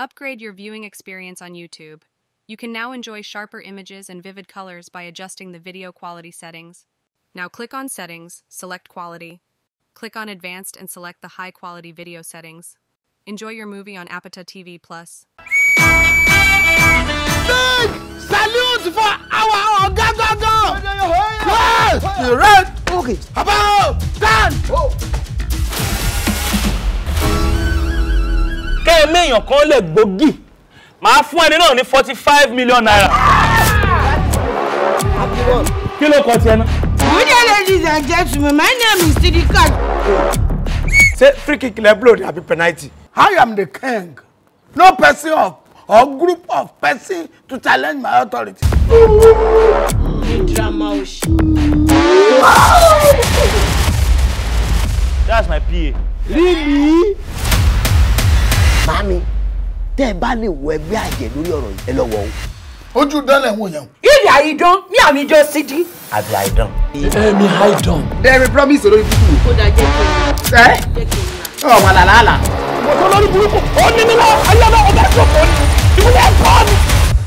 Upgrade your viewing experience on YouTube. You can now enjoy sharper images and vivid colors by adjusting the video quality settings. Now click on Settings, select Quality. Click on Advanced and select the High Quality Video settings. Enjoy your movie on Apata TV+. Plus. Big salute for our Oga Gogo! Yes! Okay. About done! méèyàn kan lè gbòógì màá fún ẹni náà ní forty five million naira. kí ló kọ tiẹ̀ náà. good day ladies and gentlemen my name is sidika. ṣé free kick lẹ blow ni penalty. I am the king no person of or group of person to challenge my authority. that's my PA. really màámi tẹ́ ẹ bá lè wọ ẹgbẹ́ àjẹ́ lórí ọ̀rọ̀ yìí ẹ lọ́wọ́ o. ojú dánlẹ̀ wọ̀n yẹn. ìyá àìdán ní àmì ìjọ sídí. àbí àìdán. ẹ̀mí àìdán. ẹ̀mí promise olórí burúkú. ó dáa jẹ́ kí n ra. ẹ ọmọ làlàlà. mo tó lórí burúkú ó ní mi náà ayọ́nà ọ̀gá tó kọ́ ni ìwúlẹ̀ kọ́ ni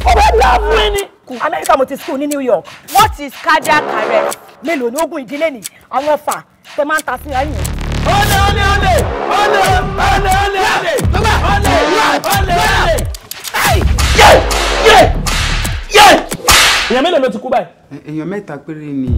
ọ̀rẹ́ mi á fún ẹni. amẹ́ríkà mo ti school ní New York what is cardiac arrest mélòó ni ogun ìdílé ni àwọn ọfà tó máa ń ta sí ayé ọ̀lẹ̀ ọ̀lẹ̀ ọ̀lẹ̀ ọ̀lẹ̀ ọ̀lẹ̀ ọ̀lẹ̀ ọ̀lẹ̀ ọ̀lẹ̀ ọ̀lẹ̀ ọ̀lẹ̀ yẹ yẹ yẹ. èèyàn mélòó ló ti kú báyìí. èèyàn mẹ́ta péré ni.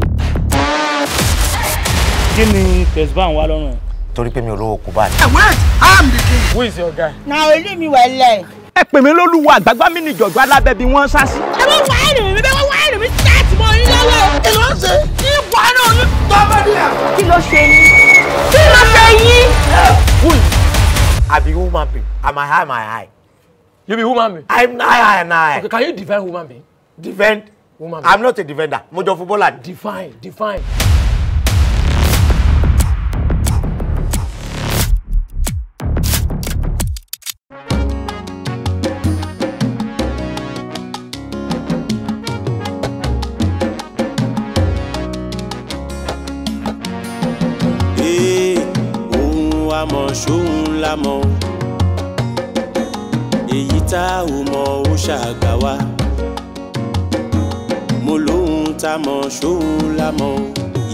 kí ni tesban wà lọ́rùn ẹ̀. torí pé mi ò lówó kú báyìí. ẹ wait i'm the king. who is your guy. na olú mi wà lẹ. ẹ pè mí lólùwọ àgbàgbà mi nìjọ̀gbọ́ alábẹ́ bí wọ́n sá sí. ẹ bá wá èrè mi bẹ́ẹ̀ wá èrè mi ṣáàtì mọ́ orí lọ́wọ́. kí ló ń ṣe. kí wàá náà ní. tọ́pẹ́ ni ẹ̀. kí ló ṣe ni kí ló ṣe yín. fool i be woman being am i high my high. you be woman being. i'm high high and high. okay can you defend woman being. defend woman being. i'm not a defender mo jọ footballer. define define. mọ̀ ṣóun la mọ̀ èyí tá ò mọ̀ ó ṣàgbà wá mo lóhun tá mọ̀ ṣóun la mọ̀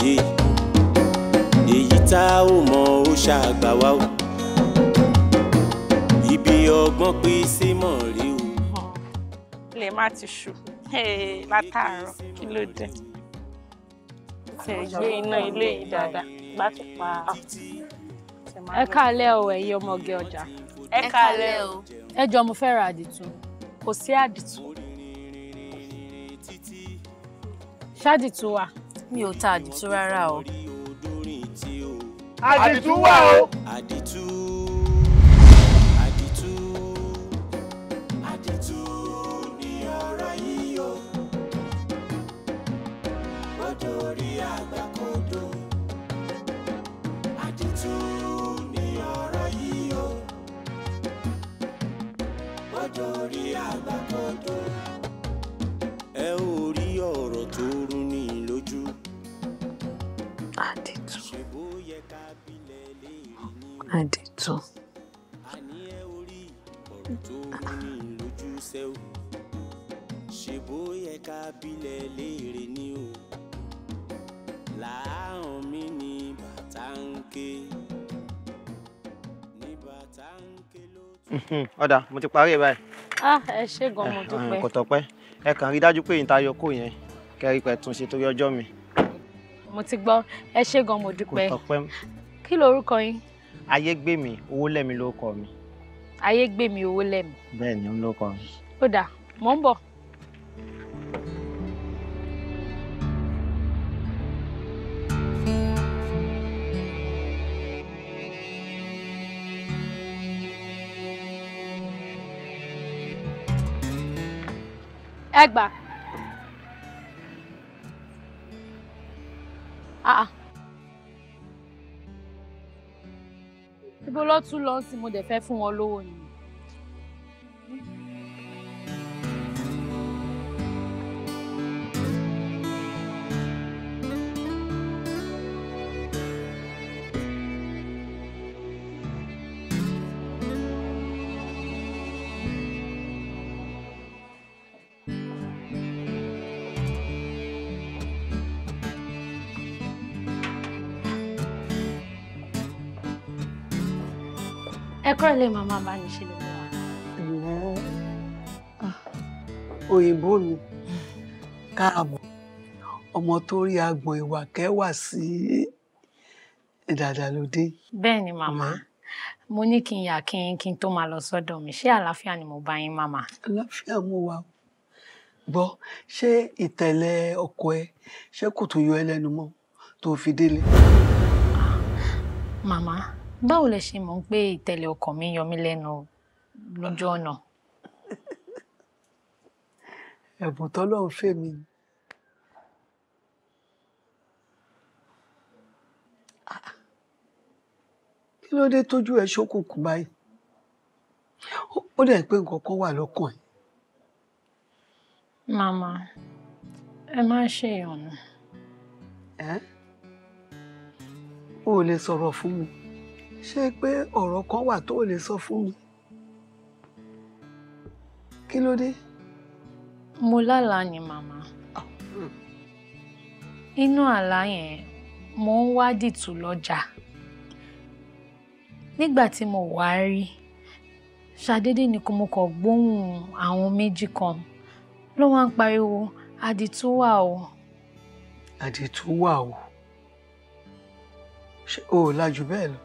yé èyí tá ò mọ̀ ó ṣàgbà wá o ibi ọgbọ́n pín sí mọ̀ rí o. lè má ti ṣù látàárọ̀ kí ló dé tẹ̀ gbé iná ilé yìí dáadáa bá tún pa ẹ káalẹ́ o ẹ̀yin ọmọge ọjà. ẹ káalẹ́ o. ẹ jọ mo fẹ́ ra àdìtú kò sí àdìtú. ṣáàdìtú wà. mi ò ta àdìtú rárá o. àdìtú wà o. àdìtú. àdìtú. dorí àgbàkodo. ẹ ò rí ọ̀rọ̀ tó rún ní lójú. àdìtú àdìtú. àní ẹ ò rí ọ̀rọ̀ tó rún ní lójú sẹ́wọ̀n. ṣe bó yẹ ká bilẹ̀ léèrè ni o. làáhùn mi ni bàtà ń ké. ọ̀dà mo ti parí ẹ̀ báyìí. ah ẹ ṣe gan mo eh, dúpẹ́. Eh, kò tọ́pẹ́ ẹ kàn rí dájú pé ìtayọ kò yẹn kẹrí pẹ̀ tún ṣe torí ọjọ́ mi. mo ti gbọ́ ẹ ṣe gan mo dúpẹ́. kò tọ́pẹ́. kí lorúkọ yín. ayégbèmí owólẹ́mi lorúkọ mi. ayégbèmí owólẹ́mi. bẹ́ẹ̀ ni ó ń lórúkọ mi. ó dà mò ń bọ̀. ẹ gbà. Ah, ah. ibo ló tún lọ sí mo dẹ̀ fẹ́ fún wọn lówó ni. àdúrà lè máa máa bá ní ṣe lóko wa. òyìnbó mi káàbọ̀ ọmọ tó rí agbọ̀n ìwà kẹwà sí dáadáa ló dé. bẹ́ẹ̀ ni màmá mo ní kí n yà kí n kí n tó máa lọ sọ́dọ̀ mi ṣé àlàáfíà ni mo bá yín màmá. àlàáfíà mo wà o gbọ́ ṣé ìtẹ̀lẹ̀ ọkọ ẹ ṣé kò tún yọ ẹ lẹ́nu mọ́ tó fi délé. Ah. màmá báwo lẹ ṣe mọ̀ pé ìtẹ̀lẹ̀ ọkàn mi yọ mí lẹ́nu lójú ọ̀nà. ẹ̀bùn tọ́lọ́run fẹ́ mi. kí ló dé tójú ẹ ṣókùnkùn báyìí ó dẹ̀ pé nǹkan kan wà lọ́kàn ẹ. màmá ẹ má ṣe ìyọnu. ẹ ò lè sọ̀rọ̀ fún mi ṣé pé ọ̀rọ̀ kan wà tó lè sọ fún mi kí ló dé. mo lálà ni màmá inú ah, hmm. àlá yẹn mo ń wá dìtú lọ́jà nígbà tí mo wá rí ṣàdédé ni mo kàn gbóhùn àwọn méjì kan ló wá ń pariwo àdìtú wà o. àdìtú wà o ṣé o lajú bẹ́ẹ̀ lọ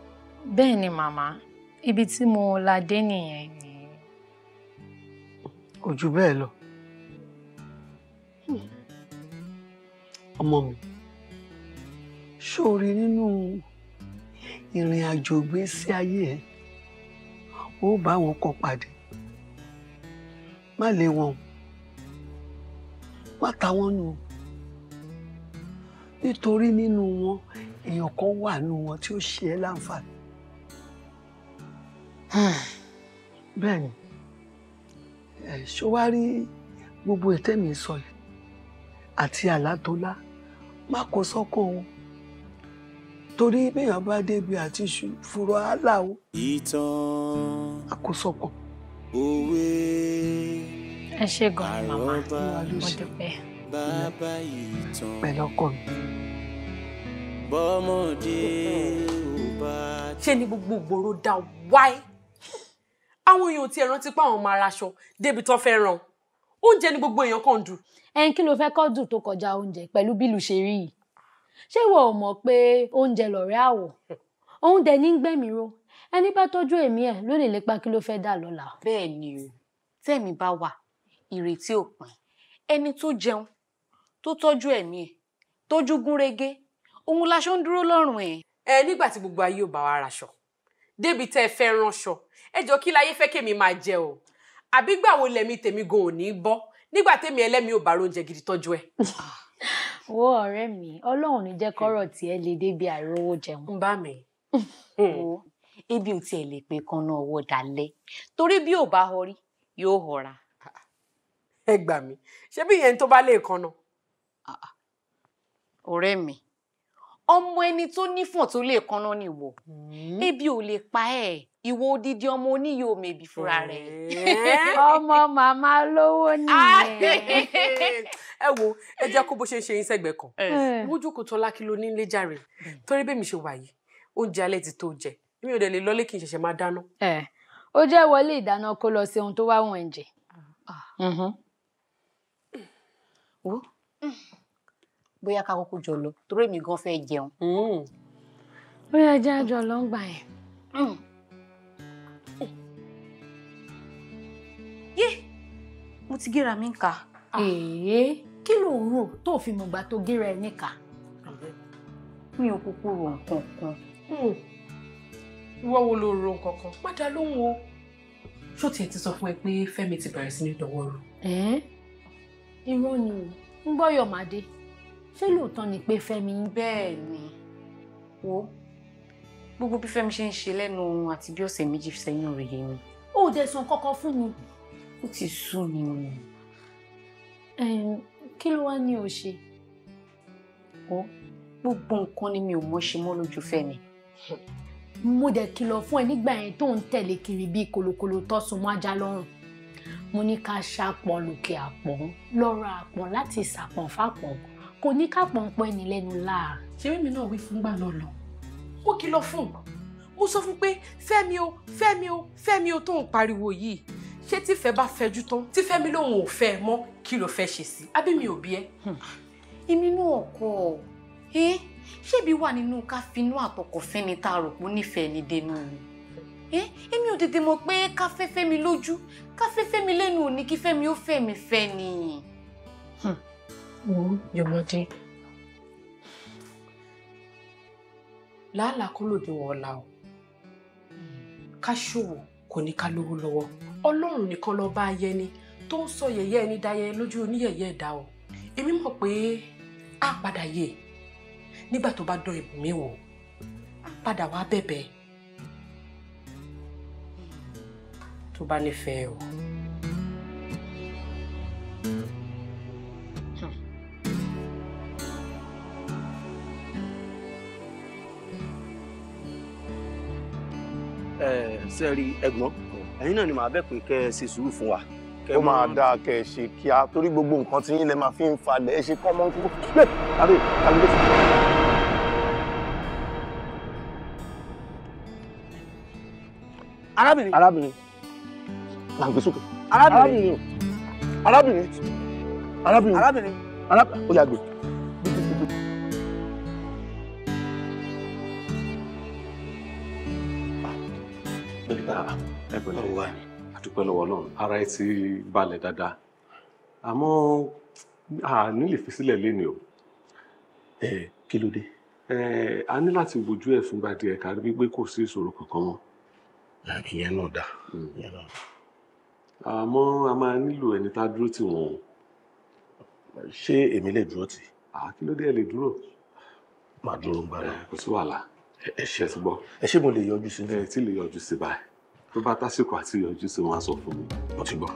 bẹ́ẹ̀ ni màmá ibi tí mo la dé nìyẹn ni. kò jù bẹ́ẹ̀ lọ ọmọ mi ṣóore nínú ìrìn àjò ìgbésí ayé ẹ ó bá wọn kọ pàdé má lé wọn má ta nù nítorí nínú wọn èèyàn kan wà nínú wọn tí ó ṣe é láǹfààní. bẹ́ẹ̀ ni ṣó wá rí gbogbo ètèmi sọ yìí àti àlá má kó sọ́kò wọn torí béèyàn bá débi àti fúru àlá o ìtàn àkósọ́kò. ẹ ṣe gan màmá mo dúpẹ́. bàbá ìtàn pẹ̀lú ọkọ mi. bọ́mọdé ò bá. ṣé ni gbogbo ìgboro dá wáyé àwọn èèyàn tí ẹran ti pa àwọn ọmọ ara aṣọ débi tó fẹ́ ràn oúnjẹ ni gbogbo èèyàn kàn dùn. ẹn kí ló fẹ́ kọ́ dùn tó kọjá oúnjẹ pẹ̀lú bílù ṣe rí yìí ṣé ìwọ ò mọ̀ pé oúnjẹ lọ̀rẹ́ àwọ̀ òun dẹ̀ ní gbẹ̀mí ro ẹni bá tọ́jú èmi ẹ̀ ló lè lépa kí ló fẹ́ dà lọ́la. bẹ́ẹ̀ ni o tẹ́mi bá wà ìrètí ò pin ẹni tó jẹun tó tọ́jú ẹ̀mí ẹ̀ tójú gúnrégé òun laṣọ ń dúró lọ́rùn ẹ̀. ẹ nígbà tí gbogbo ayé ò bá wa raṣọ débi tẹ́ ẹ fẹ́ ránṣọ ẹ jọ kí láyé fẹ́ kémi máa jẹ o àbí gbà wo lẹ̀mí tèmi gan ò ní bọ́ nígbà tèmi ẹlẹ́mi ò bá róúnjẹ gidi tọ́jú ẹ. wo ọ̀rẹ́ mi ọlọ́run ní jẹ́ kọ́rọ̀ tí ẹ lè débi àìrówó jẹun. ń bá mi. Hmm. ebi ò tiẹ̀ lè pe kan náà ọwọ́ dalẹ̀ torí bí ò bá họrí yóò họra. ẹ gbà mí ṣé bí ìyẹn tó bá lè kan náà. Ah, ah. ọ̀rẹ́ mi ọmọ ẹni tó nífọ̀n tó lè kanná ni ìwọ hmm. ebi ò lè pa ẹ ìwọ odidi ọmọ oníyè omèbí fúnra hmm. rẹ. ọmọ màmá lówó nìyẹn. Ah! ẹ wo ẹ jẹ́ kó bó ṣe ń ṣe yín sẹ́gbẹ̀ẹ́ kan eh. eh. mójú kò tọ́lá kí ló ní ilé jàre torí bẹ́ẹ̀ mi ṣe wà yìí oúnjẹ alẹ́ ti tó jẹ mi ò dẹ̀ lè lọ́lé kí n ṣẹ̀ṣẹ̀ máa dáná. Eh. ó jẹ́ wọlé ìdáná kó lọ sí ohun tó wá wọn jẹ. Ah. Mhm. Mm bóyá ká kúkú jọ lọ torí èmi gan fẹ́ jẹun. Hmm. ó yẹ jẹ́ àjọ ló ń gbà yẹn. Hmm. yé mo ti gíra mi níka. Ah. èé kí ló ń rò tó fi mọ̀gbà tó gíra ẹ níka. mi ò kúkú rò nǹkan kan. Hmm. ìwọ wo ló rò nǹkan kan má dá lóhùn o ṣó tiẹ̀ ti sọ fún ẹ pé Fẹ́mi ti bẹ̀rẹ̀ sí ní dọwọ́ rú. irọ́ ni o ń gbọ́ yọ̀mádé ṣé lóòótọ́ ni pé Fẹ́mi ń bẹ́ẹ̀ ni wo gbogbo bí Fẹ́mi ṣe ń ṣe lẹ́nu ohun àti bí ọ̀sẹ̀ méjì sẹ́yìn rẹ̀ mi ó dẹ̀ sàn kọ́kọ́ fún mi ó ti sú mi o kí ló wá ní o ṣe o gbogbo nǹkan ni mi ò mọ̀ ṣe mọ́ lójú Fẹ́mi mo dẹ̀ kìlọ̀ fún ẹ nígbà yẹn tó ń tẹ̀lé kiri bíi kolokolo tọ́sùn mọ́ ajá lọ́rùn mo ní ká ṣàpọ̀ lòkè àpọ̀ lọ́rọ̀ àpọ̀ láti ṣàpọ̀ fàpọ̀ gan kò ní ká pọ̀npọ̀ ẹni lẹ́nu láà. ṣé mímí náà wí fún gbà náà lọ mo kìlọ̀ fún mo sọ fún pé fẹ́mi o fẹ́mi o fẹ́mi o tó ń pariwo yìí ṣé tífẹ́ bá fẹjú tán tífẹ́ mi lòun ò fẹ́ ẹ mọ́ kí ló fẹ́ ṣe sí abí mi ò bí ẹ. Hmm. èmi náà kọ ẹ ṣébi wà nínú ká finú àtọkọ fẹ́ni tá a rò pé ó nífẹ̀ẹ́ ni dénú ni èmi ò tètè mọ̀ pé ká fẹ́ fẹ́mi lójú ká fẹ́ fẹ́mi lẹ́nu òní kí fẹ́mi ó fẹ́mi fẹ́ ni wo Yọmọdé làálàá kó lòdì wọ ọ̀la o ká ṣòwò kò ní ká lówó lọ́wọ́ Ọlọ́run nìkan ló bá ayẹ ni tó ń sọ yẹ̀yẹ́ ẹni dáyẹ lójú oníyẹ̀yẹ́ ẹ̀dá o èmi mọ̀ pé á padà yè nígbà tó bá dán ibùmí wò á padà wá bẹ̀bẹ̀ tó bá nífẹ̀ẹ́ o. ṣe rí ẹ̀gbọ́n ẹ̀yin náà ni màá bẹ̀ pé kẹ́ ẹ ṣe sùúrù fún wa. ó máa dáa kẹ́ ẹ ṣe kíá torí gbogbo nǹkan tí yín lẹ máa fi ń falẹ̀ ẹ ṣe kọ́ mọ́ kókó lè tàbí tàbí lè fi. arábìnrin arábìnrin làǹgbé sókè arábìnrin arábìnrin arábìnrin arábìnrin ó yá ẹ pẹ̀lẹ́ ọ̀la àdúpẹ́ lọ́wọ́ ọlọ́run ara ẹ ti balẹ̀ dáadáa àmọ́ àní lè fi sílẹ̀ lé ni o. ẹ kí ló dé. ẹ a ní láti wojú ẹ fúngbà díẹ̀ ká rí pé kò sí ìṣòro kankan mọ́. ìyẹn náà dáa hmm. ìyẹn náà. àmọ́ a máa nílò ẹni tá a dúró tì wọ́n. ṣé èmi lè dúró tì. kí ló dé ẹ lè dúró. màá dúró ń gbára. kò sí wàhálà ẹ ṣe ẹ ti gbọ́. ẹ ṣé mo lè yọjú sí. ẹ ti lè yọjú sí báyìí tó bá tásìkò àti ìyọjú sí wọn á sọ fún mi. mo ti gbọ́.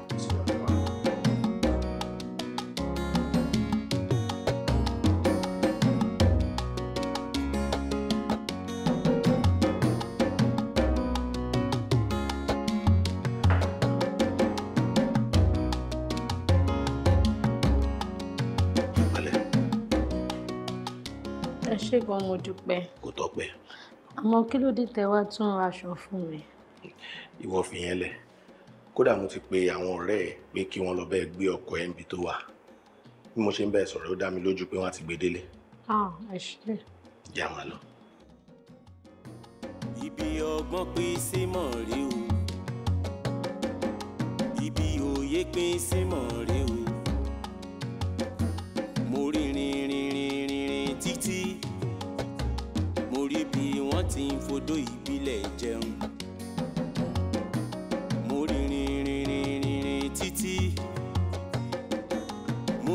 ṣé gan mo dúpẹ́. kò tọ́pẹ́. àmọ́ kí ló dé tẹ wá tún aṣọ fún mi ìwọ fi yẹn lẹ̀ kódà mo ti pe àwọn ọ̀rẹ́ ẹ̀ pé kí wọ́n lọ bẹ́ẹ̀ gbé ọkọ̀ ẹ̀ tó wà bí mo ṣe ń bẹ́ẹ̀ sọ̀rọ̀ ó dá mi lójú pé wọ́n ti gbé délé. ah ẹ ṣe. ìyá lọ. ibi ọgbọ́n pín sí mọ̀ rí o ibi òye pín sí mọ̀ rí o mo rí rin rin rin títí mo rí bí wọ́n ti ń fodó ìbílẹ̀ jẹun.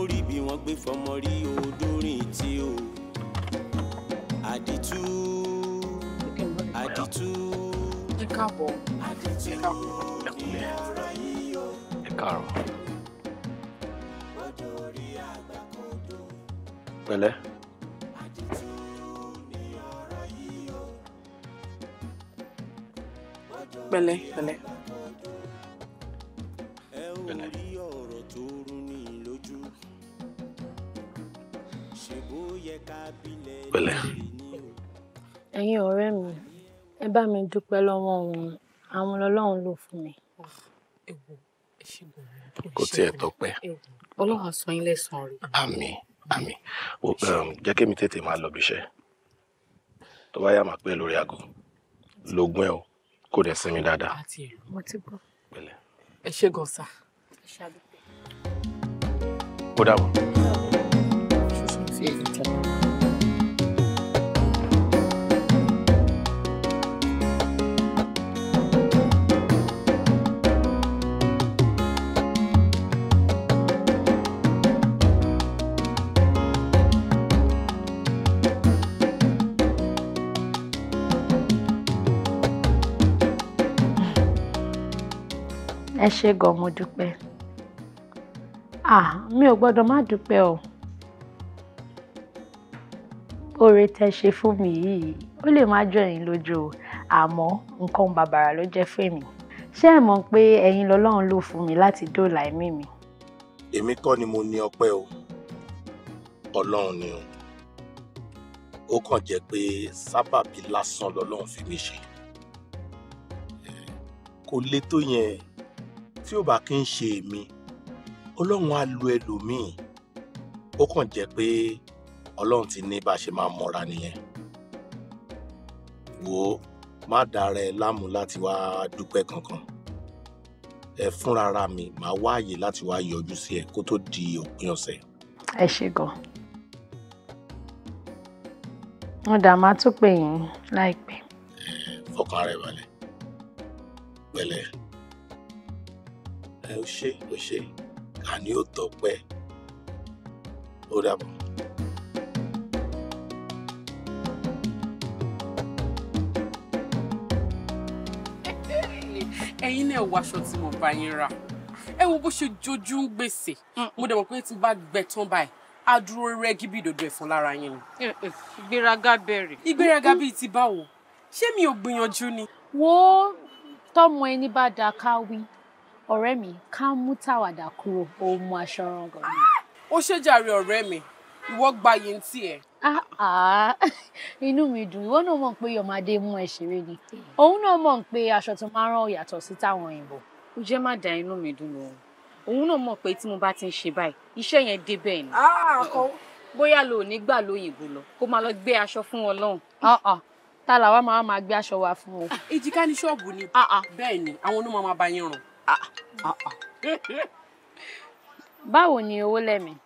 rí bí wọ́n gbé fọmọ rí odórin tí o àdìtú àdìtú àdìtú ní ọ̀rọ̀ yìí o. pẹ̀lẹ́. pẹ̀lẹ́ pẹ̀lẹ́. pẹ̀lẹ́. pẹ̀lẹ́. ẹ̀yin ọ̀rẹ́ mi ẹ bá mi dúpẹ́ lọ́wọ́ wọn àwọn ọlọ́run ló fún mi. kò tiẹ̀ tọpẹ́. ọlọ́run sọ yín lẹ́sàn-án rẹ̀. àmín àmín um, jẹ́ kí mi tètè máa lọ bíṣẹ́ tó bá yá máa pẹ́ lórí aago lógún ẹ o kò dẹ̀ sinmi dáadáa. ẹ ṣe gan sa. ó dàbọ̀. Hilton. ẹ ṣé gan mo dúpẹ́ ah mi ò gbọ́dọ̀ má dúpẹ́ o oore tẹ́ ṣe fún mi yìí ó lè má jọ yín lójú o àmọ́ nǹkan bàbàrà ló jẹ́ fún mi ṣé ẹ mọ̀ pé ẹ̀yin lọ́lọ́run lò fún mi láti dóòlà ẹ̀mí mi. èmi kọ́ ni mo ní ọpẹ́ o ọlọ́run ni o ó kàn jẹ́ pé sábàbí lásán lọ́lọ́run fi mí ṣe kò le tó yẹn tí ò bá kí n ṣe èmi ọlọ́run á lo ẹlòmíì ó kàn jẹ́ pé. Pe ọlọ́run ti ní bá a ṣe máa mọ́ra nìyẹn wò ó má dára ẹ láàmú láti wá dúpẹ́ kankan ẹ fúnra ara mi màá wá àyè láti wá yọjú sí ẹ kó tó di òpin ọ̀sẹ̀. ẹ ṣe gan wọn dà máa tún pè yín láìpẹ́. ẹ fọkàn rẹ balẹ̀ pẹ̀lẹ́ ẹ ó ṣe ó ṣe àní ó tọpẹ́ ó dàbọ̀. ẹ̀yin náà wọ aṣọ tí mo bá yín rà ẹ wo bó ṣe jojú ń gbèsè mo dẹ̀ mọ̀ pé tí n bá gbẹ tán báyìí á dúró rẹ́gí bí ìdòdó ẹ̀fọn lára yín ni. ìgbéraga bẹ̀rẹ̀. ìgbéraga bíi ti báwo ṣé mi ò gbìyànjú ni. wo tọmọ ẹni bá da ká wí ọ̀rẹ́ mi ká mú tàwàdà kúrò òun mú aṣọ rán gan-an. Ah! ó ṣèjàre ọ̀rẹ́ mi ìwọ gbayé ń tiẹ̀. Ah, ah. inú mi dùn ìwọ náà mọ̀ pé yọmọdé mú ẹ ṣeré ni òun náà mọ̀ pé aṣọ tó máa ń rán yàtọ̀ sí táwọn òyìnbó. ó jẹ́ má da inú mi dùn lòun òun náà mọ̀ pé tí mo bá ti ń ṣe báyìí iṣẹ́ yẹn dé bẹ́ẹ̀ ni ah, bóyá lo ò ní gbà lóyìnbó lọ kó máa lọ gbé aṣọ fún wọn lọ́hùn ta làwa máa máa gbé aṣọ wa fún o. èjìká ní ṣọ́ọ̀bù ni bẹ́ẹ̀ ni àwọn onímọ̀ máa bá yín rùn. báwo ni owó lẹ́mìí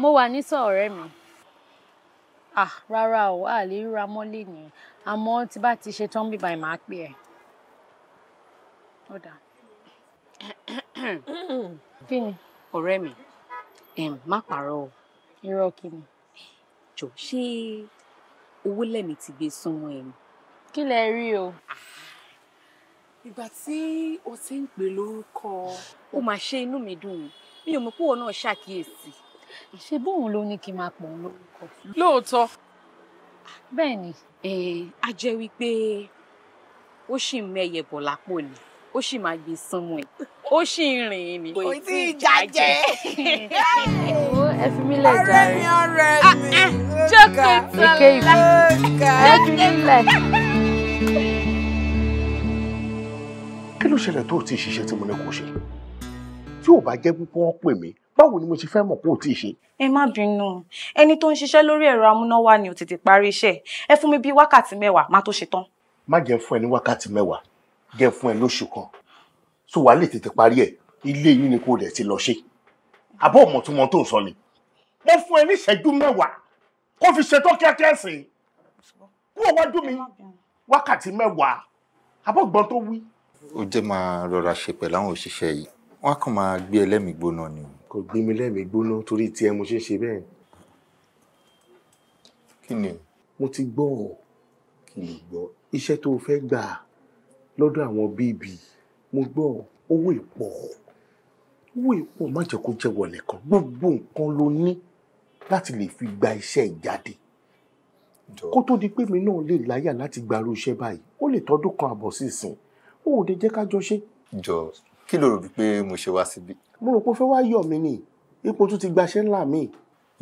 mo wà nísọ̀ ọ̀rẹ́ mi ah rárá o a lè ríra mọ́lẹ̀ ni àmọ́ tí bá ti ṣetán bíbá ẹ̀ máa pè ẹ́ ó dáa. kí ni. ọ̀rẹ́ mi má pààrọ̀ o. irọ́ kí ni. jọ ṣé owó lẹ́mi ti gbé súnmọ́ ẹ̀ kí lẹ rí o. Ah, ìgbà tí o ti ń pè lórúkọ. ó máa ṣe inú mi dùn mí ò mọ̀ pé òun náà ṣàkíyèsí ṣé bóun ló ní kí n máa pọ̀ òun lórúkọ. lóòótọ́. bẹ́ẹ̀ ni. a jẹ́ wípé ó ṣì ń mẹ́yẹ bọ̀ lápò ni ó sì máa gbé sánmọ ẹ ó sì ń rìn ín ni. kò tí ì jàjẹ́. ó ẹ fi mí lẹ̀ jàre. ọ̀rẹ́ mi ọ̀rẹ́ mi. jókòó tó la ẹ fi mí lẹ̀. kí ló ṣẹlẹ̀ tó o ti ṣiṣẹ́ tí mo ní kó ṣe tí ò bá jẹ́ púpọ̀ pè mí báwo ni mo ṣe fẹ́ mọ̀ pé o tí ì ṣe. ẹ má bínú ẹni tó ń ṣiṣẹ́ lórí ẹ̀rọ amúnáwá ni ò tètè parí iṣẹ́ ẹ fún mi bíi wákàtí mẹ́wàá má tó ṣe tán. má jẹ́ fún ẹ ní wákàtí mẹ́wàá jẹ́ fún ẹ lóṣù kan so wàá lè tètè parí ẹ ilé yín ni kò dẹ̀ ti lọ ṣe àbọ̀ ọ̀mọ̀ tí wọ́n tó ń sọ ni. mo fún ẹ ní ìṣẹ́jú mẹ́wàá kó fi ṣetán kíákíá sí i kú ọwọ́ dún mi wákàtí mẹ́wàá àbọ̀gbọ́n tó wí. ó kò gbé mi lẹ́mìí gbóná torí tiẹ̀ mo ṣe ń ṣe bẹ́ẹ̀. kí ni. mo ti gbọ́ ọ kí ni gbọ́ iṣẹ́ tó o fẹ́ gbà lọ́dọ̀ àwọn bíbí mo gbọ́ owó ìpọ̀ owó ìpọ̀ má jẹ́ kó jẹ́ wọlé kan gbogbo nǹkan ló ní láti lè fi gba iṣẹ́ ìjáde kó tó di pé mi náà lè láyà láti gbarú iṣẹ́ báyìí ó lè tọ́dún kan àbọ̀ sí ó ò dé jẹ́ ká jọ ṣe kí ló rò bí pé mo ṣe wá síbí. mo rò pé ó fẹ́ wá yọ̀ mí ni ipò tún ti gbaṣẹ́ ńlá mi.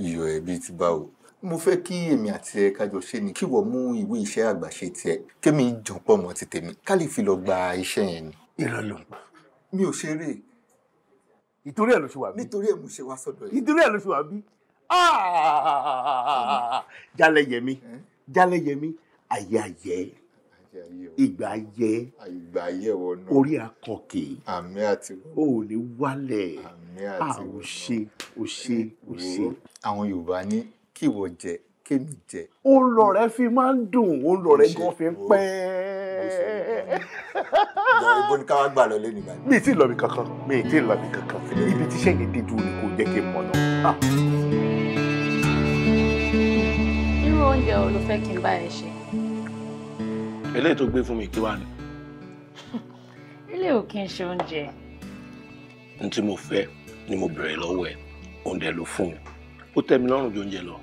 iyọ̀ ẹbí ti báwo mo fẹ́ kí èmi àti ẹ kájọ ṣe ni kí wọ́n mú ìwé iṣẹ́ àgbàṣe tiẹ̀ kémi jọ̀ pọ̀ mọ́ ti tèmi ká lè fi lọ gba iṣẹ́ yẹn ni. irọ́ ló ń pa. mi ò ṣeré. ìtorí ẹ̀ ló ṣe wà bí. nítorí ẹ̀ mo ṣe wá sọ́dọ̀ yìí. ìtorí ẹ̀ ló ṣe wà bí. jálẹ̀ yẹmi jálẹ̀ yẹmi àyè àyè ìgbà yẹ ìgbà yẹ wọnú orí akọkè àmì àti o ò ní wálẹ̀ àmì àti o ṣe o ṣe o ṣe. àwọn yorùbá ní kí ìwọ jẹ kémi jẹ. ó lọ rẹ fi máa ń dùn ó lọ rẹ gan fi ń pẹ́. ìjọ ni káwá gbà lọ lẹ́nu yìí. mi ì tí ì lọ mi kankan mi ti tí ì lọ mi kankan ibi tíṣẹ́ yẹn dé dúró ni kò jẹ́ kí n mọ̀ náà irú oúnjẹ wo kí n bá ẹ ṣe eléyìí tó gbé fún mi kí wá ni. ilé ò kí n ṣe oúnjẹ. n tí mo fẹ́ ni mo bẹ̀rẹ̀ lọ́wọ́ ẹ̀ oúnjẹ ló fún mi ó tẹ́ mi lọ́rùn ju oúnjẹ lọ.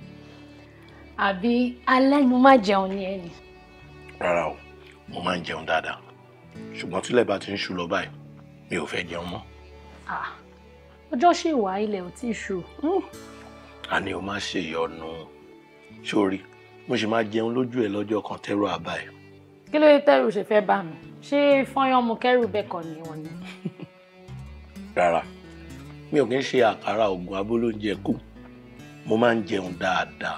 àbí alẹ́ mo máa jẹun ní ẹ ni. rárá o mo máa ń jẹun dáadáa ṣùgbọ́n tílẹ̀ bá ti ń ṣú lọ báyìí mi ò fẹ́ jẹun mọ́. ọjọ́ ṣì wà ilẹ̀ ò tí ì ṣú. àní o máa ṣèyọnu sórí mo sì máa jẹun lójú ẹ lọ́jọ́ kan tẹ́rù àbá ẹ. kí ló dé tẹ́rù ṣe fẹ́ bá mi ṣé fọyán mu kẹ́rù bẹ́ẹ̀ kọ́ ni wọ́n ní. rárá mi ò kí ń ṣe àkàrà oògùn abólóúnjẹ kù mo máa ń jẹun dáadáa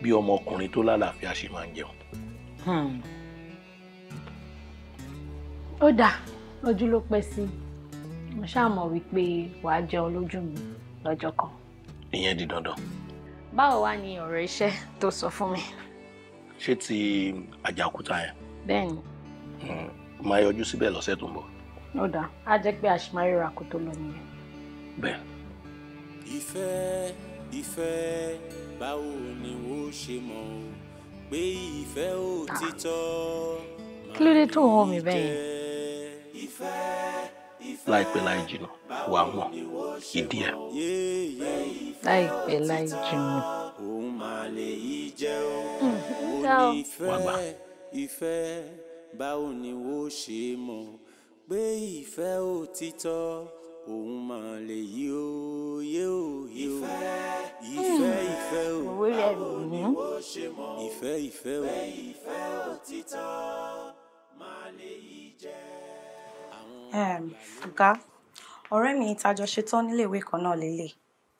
bí ọmọkùnrin tó lálàáfíà ṣe máa ń jẹun. Hmm. ó dáa ojú ló pẹ́ sí mo ṣáà mọ̀ wípé wàá jẹun lójú mi lọ́jọ́ kan. ìyẹn di dandan. báwo wá ni ọ̀rọ̀ iṣẹ́ tó sọ fún mi ṣé ti àjàkúta yẹn. bẹ́ẹ̀ni. Hmm. máa yọjú síbẹ̀ lọ́sẹ̀ tó ń bọ̀. ó dáa á jẹ́ pé àṣemáríra kò tó lọ nìyẹn. bẹ́ẹ̀. ìfẹ́ ìfẹ́ báwo ni wo ṣe mọ̀ pé ìfẹ́ òtítọ́. Ah. kí ló dé tó ń mi bẹ́ẹ̀. ìfẹ́ láìpẹ́ láì jìnnà wàá mọ̀ ìdí ẹ̀. láìpẹ́ láì jìnnà. òun máa lè yí jẹ́ òun nífẹ̀ẹ́ ìfẹ́ báwo ni wo ṣe mọ̀ pé ìfẹ́ òtítọ́ òun máa lè yí òye òye o. ìfẹ́ ìfẹ́ o báwo ni wo ṣe mọ̀ ìfẹ́ ìfẹ́ o. pé ìfẹ́ òtítọ́ máa lè yí jẹ́ um ọgá ọrẹ mi tá a jọ ṣetán níléèwé kan náà lélẹ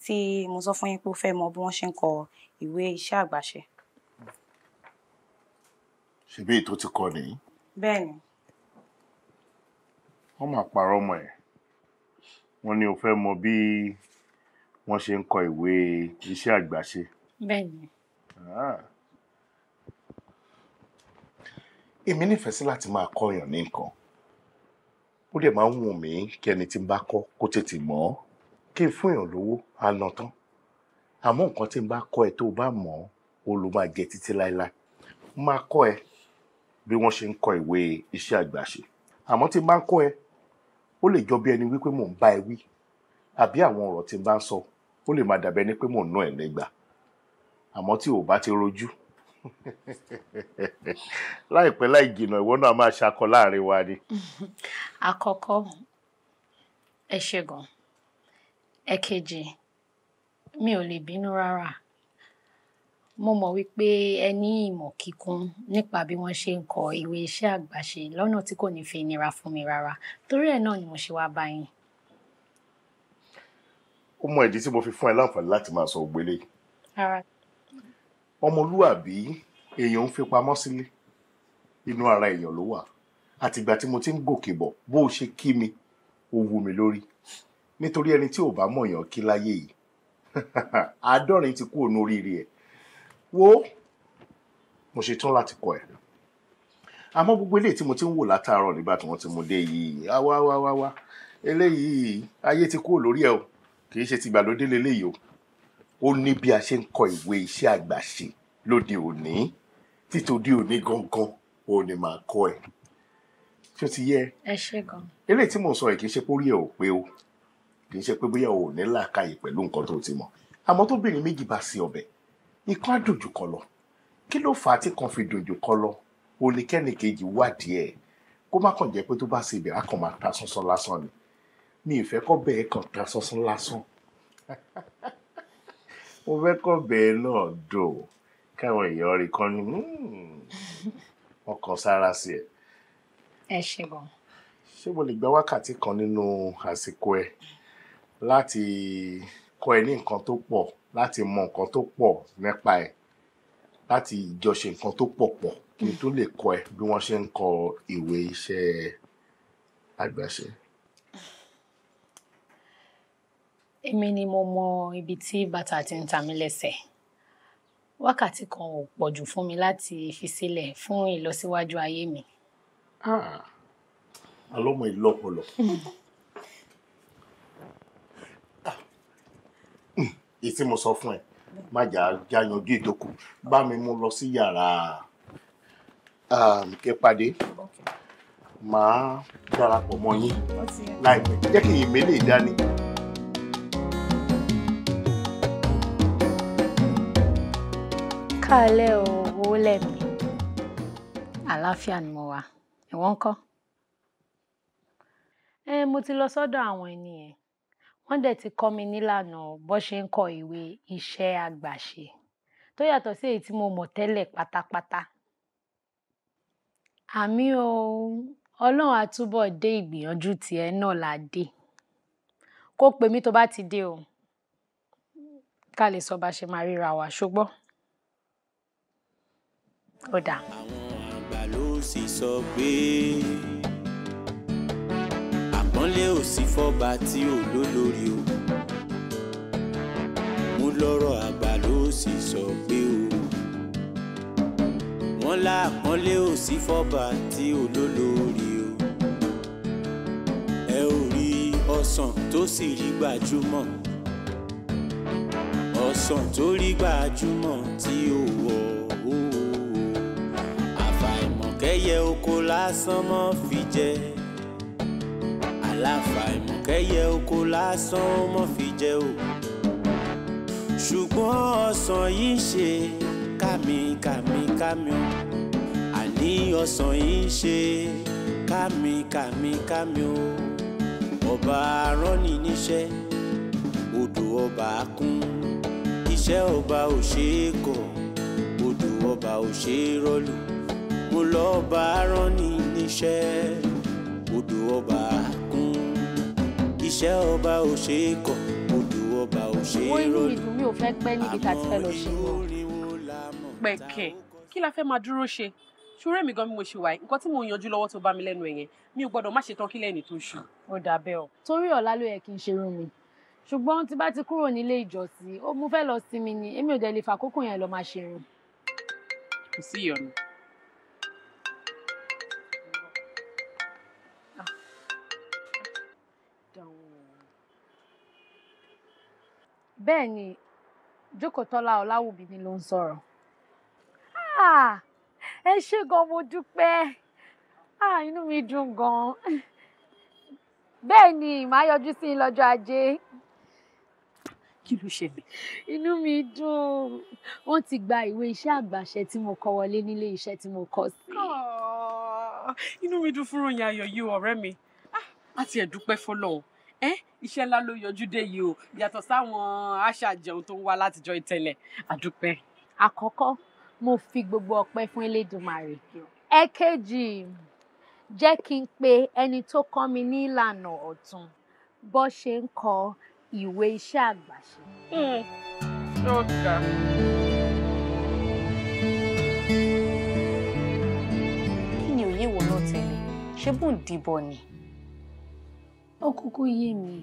tí mo sọ fún yín pé ó fẹẹ mọ bí wọn ṣe ń kọ ìwé iṣẹ àgbàṣe. ṣebí èyí tó ti kọ nìyí. bẹ́ẹ̀ni. wọn máa parọ́ ọmọ ẹ wọn ní o fẹ́ mọ bí wọn ṣe ń kọ ìwé iṣẹ àgbàṣe. bẹ́ẹ̀ni. Ah. èmi nífẹ̀ẹ́ sí láti máa kọ́yàn ní nǹkan ó dẹ̀ máa ń wù mí kí ẹni tí n bá kọ́ kó tètè mọ̀ ọ́ kí n fún èèyàn lówó àna tán àmọ́ nǹkan tí n bá kọ́ ẹ tó o bá mọ̀ ọ́ o ló máa jẹ títí láéláé máa kọ́ ẹ bí wọ́n ṣe ń kọ ìwé iṣẹ́ àgbàṣe àmọ́ tí n bá kọ́ ẹ ó lè jọ bí ẹni wípé mò ń bá ẹ wí àbí àwọn ọ̀rọ̀ tí n bá sọ ó lè máa dàbẹ́ ni pé mò ń ná ẹ̀ lẹ́gbàá àmọ́ tí o bá ti rojú láìpẹ́ láì jìnnà ìwọ náà máa ṣakọ láàrin wa ni. àkọ́kọ́ ẹ ṣe gan ẹ̀kejì mi ò lè bínú rárá mo mọ̀ wípé ẹ ní ìmọ̀ kíkún nípa bí wọ́n ṣe ń kọ ìwé iṣẹ́ àgbàṣe lọ́nà tí kò ní fi nira fún mi rárá torí ẹ̀ náà ni mo ṣe wá bá yín. ó mọ ìdí tí mo fi fún ẹ láǹfààní láti máa sọ ògbélé. ara ọmọlúàbí èèyàn ń fi pamọ́ sílé inú ara èèyàn ló wà àtìgbà tí mo ti ń gòkè bọ̀ bó o ṣe kí mi ó wù mí lórí nítorí ẹni tí ò bá mọ̀yàn kí láyé yìí àádọ́rin ti kú òun oríire ẹ̀ wo mo ṣe tán láti kọ ẹ̀ àmọ́ gbogbo eléyìí tí mo ti ń wò látàárọ̀ nígbà tí wọ́n ti mú dé yìí wá wá wá wá eléyìí ayé ti kú lórí ẹ̀ o kì í ṣe tìgbàlódé leléyìí o ó ní bí a ṣe ń kọ ìwé iṣẹ́ àgbàṣe lóde òní títòdí òní gangan òun ni màá kọ ẹ̀ ṣé o ti yẹ. ẹ ṣe gan. eléyìí tí mò ń sọ yìí kì í ṣe pé orí ẹ ò pé o kì í ṣe pé bóyá o ò ní làákàyè pẹ̀lú nǹkan tó ti mọ̀ àmọ́ tó bìnrin méjì bá sí ọbẹ̀ ikán á dùn jù kan lọ kí ló fà á tí kan fi dùn jù kan lọ oníkẹ́ni kejì wádìí ẹ̀ kó má kàn jẹ́ pé tó bá ṣe ìbẹ̀rẹ̀ kàn máa ta sánsán lásán ni mi ìfẹ́ kọ́ bẹ́ẹ̀ kàn ta sánsán lásán. mo fẹ́ kọ́ bẹ́ẹ̀ náà dò káwọn èèyàn rí kan ní hmm, ọkàn sára sí ẹ. ẹ ṣe gan. ṣé mo lè gba wákàtí kan nínú àsìkò ẹ láti kọ́ ẹ ní nǹkan tó pọ̀ láti mọ nǹkan tó pọ̀ nípa ẹ láti jọ ṣe nǹkan tó pọ̀ pọ̀ kí n tó lè kọ́ ẹ bí wọ́n ṣe ń kọ ìwé iṣẹ́ àgbàṣe. èmi ni mo mọ ibi tí bàtà ti ń ta mí lẹ́sẹ̀ wákàtí kan ò pọ̀jù fún mi láti fi sílẹ̀ fún ìlọsíwájú ayé mi. alọ́mọ ah. ìlọ́pọlọ. Ah. èyí tí mo sọ fún ẹ má jà já yanjú ìdókù bá mi mú lọ sí yàrá um, ìpàdé màá darapọ̀ mọ́ yín láìpẹ́ jẹ́ kí ìmẹ́lẹ̀ dání. káàlẹ́ o owó mi àlàáfíà ni mo wà ìwọ́n kọ́. ẹ mo ti lọ sọ́dọ̀ àwọn ẹni yẹn wọ́n dẹ̀ ti kọ́ mi nílànà bó ṣe ń kọ ìwé iṣẹ́ àgbàṣe tó yàtọ̀ sí èyí tí mo mọ̀ tẹ́lẹ̀ pátápátá. àmì o ọlọ́run àtúbọ̀ dé ìgbìyànjú tiẹ̀ náà là dé kó pè mí tó bá ti dé o ká lè sọ bá ṣe máa ríra wa ṣùgbọ́n ó dà. àwọn àgbà ló sì sọ pé àpọ́nlé ò sí fọ́ba tí ò lólórí o mú lọ́rọ̀ àgbà ló sì sọ pé o wọ́n lá àpọ́nlé ò sí fọ́ba tí ò lólórí o ẹ ò rí ọsàn tó sì rí gbajúmọ̀ ọsàn tó rí gbajúmọ̀ tí ó wọ̀ kẹ́yẹ oko lásán mọ́ fi jẹ aláfàìmọ̀ kẹ́yẹ oko lásán mọ́ fi jẹ o ṣùgbọ́n ọsàn yìí ṣe kàmìkàmìkàmì o àní ọsàn yìí ṣe kàmìkàmìkàmì o ọba arọ́nì níṣẹ́ odò ọba kún iṣẹ́ ọba ò ṣeé kọ̀ odò ọba ò ṣeé rọ́lù mo lọ bá rán ní níṣẹ́ odò ọba kún iṣẹ́ ọba ò ṣe é kọ̀ odò ọba ò ṣe é rọ́ọ̀lù. wọ́n ní ìlú mi ò fẹ́ pẹ́ níbi tá a ti fẹ́ lọ ṣe mọ́. pẹ̀kẹ́ kí la fẹ́ máa dúró ṣe ṣúrẹ́ mi gan bí mo ṣe wà nǹkan tí mo yanjú lọ́wọ́ tó bá mi lẹ́nu ẹ̀yẹn mi ò gbọ́dọ̀ má ṣe tán kí lẹ́yìn tó ṣù. ó dàbẹ́ ọ torí ọ̀la ló yẹ kí n ṣe irun mi ṣùgbọ́n tí bá ti kúrò nílé ìjọsìn ó mú fẹ́ lọ sinmi ni èmi ò dẹ̀ lè fàkókò yẹn lọ máa ṣe irun. kò sí ìyọnu bẹ́ẹ̀ ni Jókòtọ́lá Ọláwùmí ni ló ń sọ̀rọ̀ ah, ẹ ṣé gan mo dúpẹ́ ah, inú mi dùn gan bẹ́ẹ̀ ni màá yọjú sí i lọ́jọ́ ajé kí ló ṣẹlẹ̀. inú mi dùn wọ́n ti gba ìwé iṣẹ́ àgbàṣe tí mo kọ wọlé nílé iṣẹ́ tí mo kọ sí. Ah, inú mi dùn fún ròyìn ayọ̀ yìí ọ̀rẹ́ mi a ti ẹ̀ dúpẹ́ fọlọ́run iṣẹ́ ńlá ló yọjú dé yìí o yàtọ̀ sáwọn aṣàjẹun tó ń wá látijọ́ ìtẹ́lẹ̀ àdúpẹ́. àkọ́kọ́ mo fi gbogbo ọpẹ́ fún Elédùmarè ẹ̀kejì jẹ́ kí n pe ẹni tó kọ́ mi ní ìlànà ọ̀tún bó ṣe ń kọ ìwé iṣẹ́ àgbàṣe. Hmm. kí ni òye ìwọ náà tẹ̀lé ṣé bùn dìbò ni ó kúkú yé mi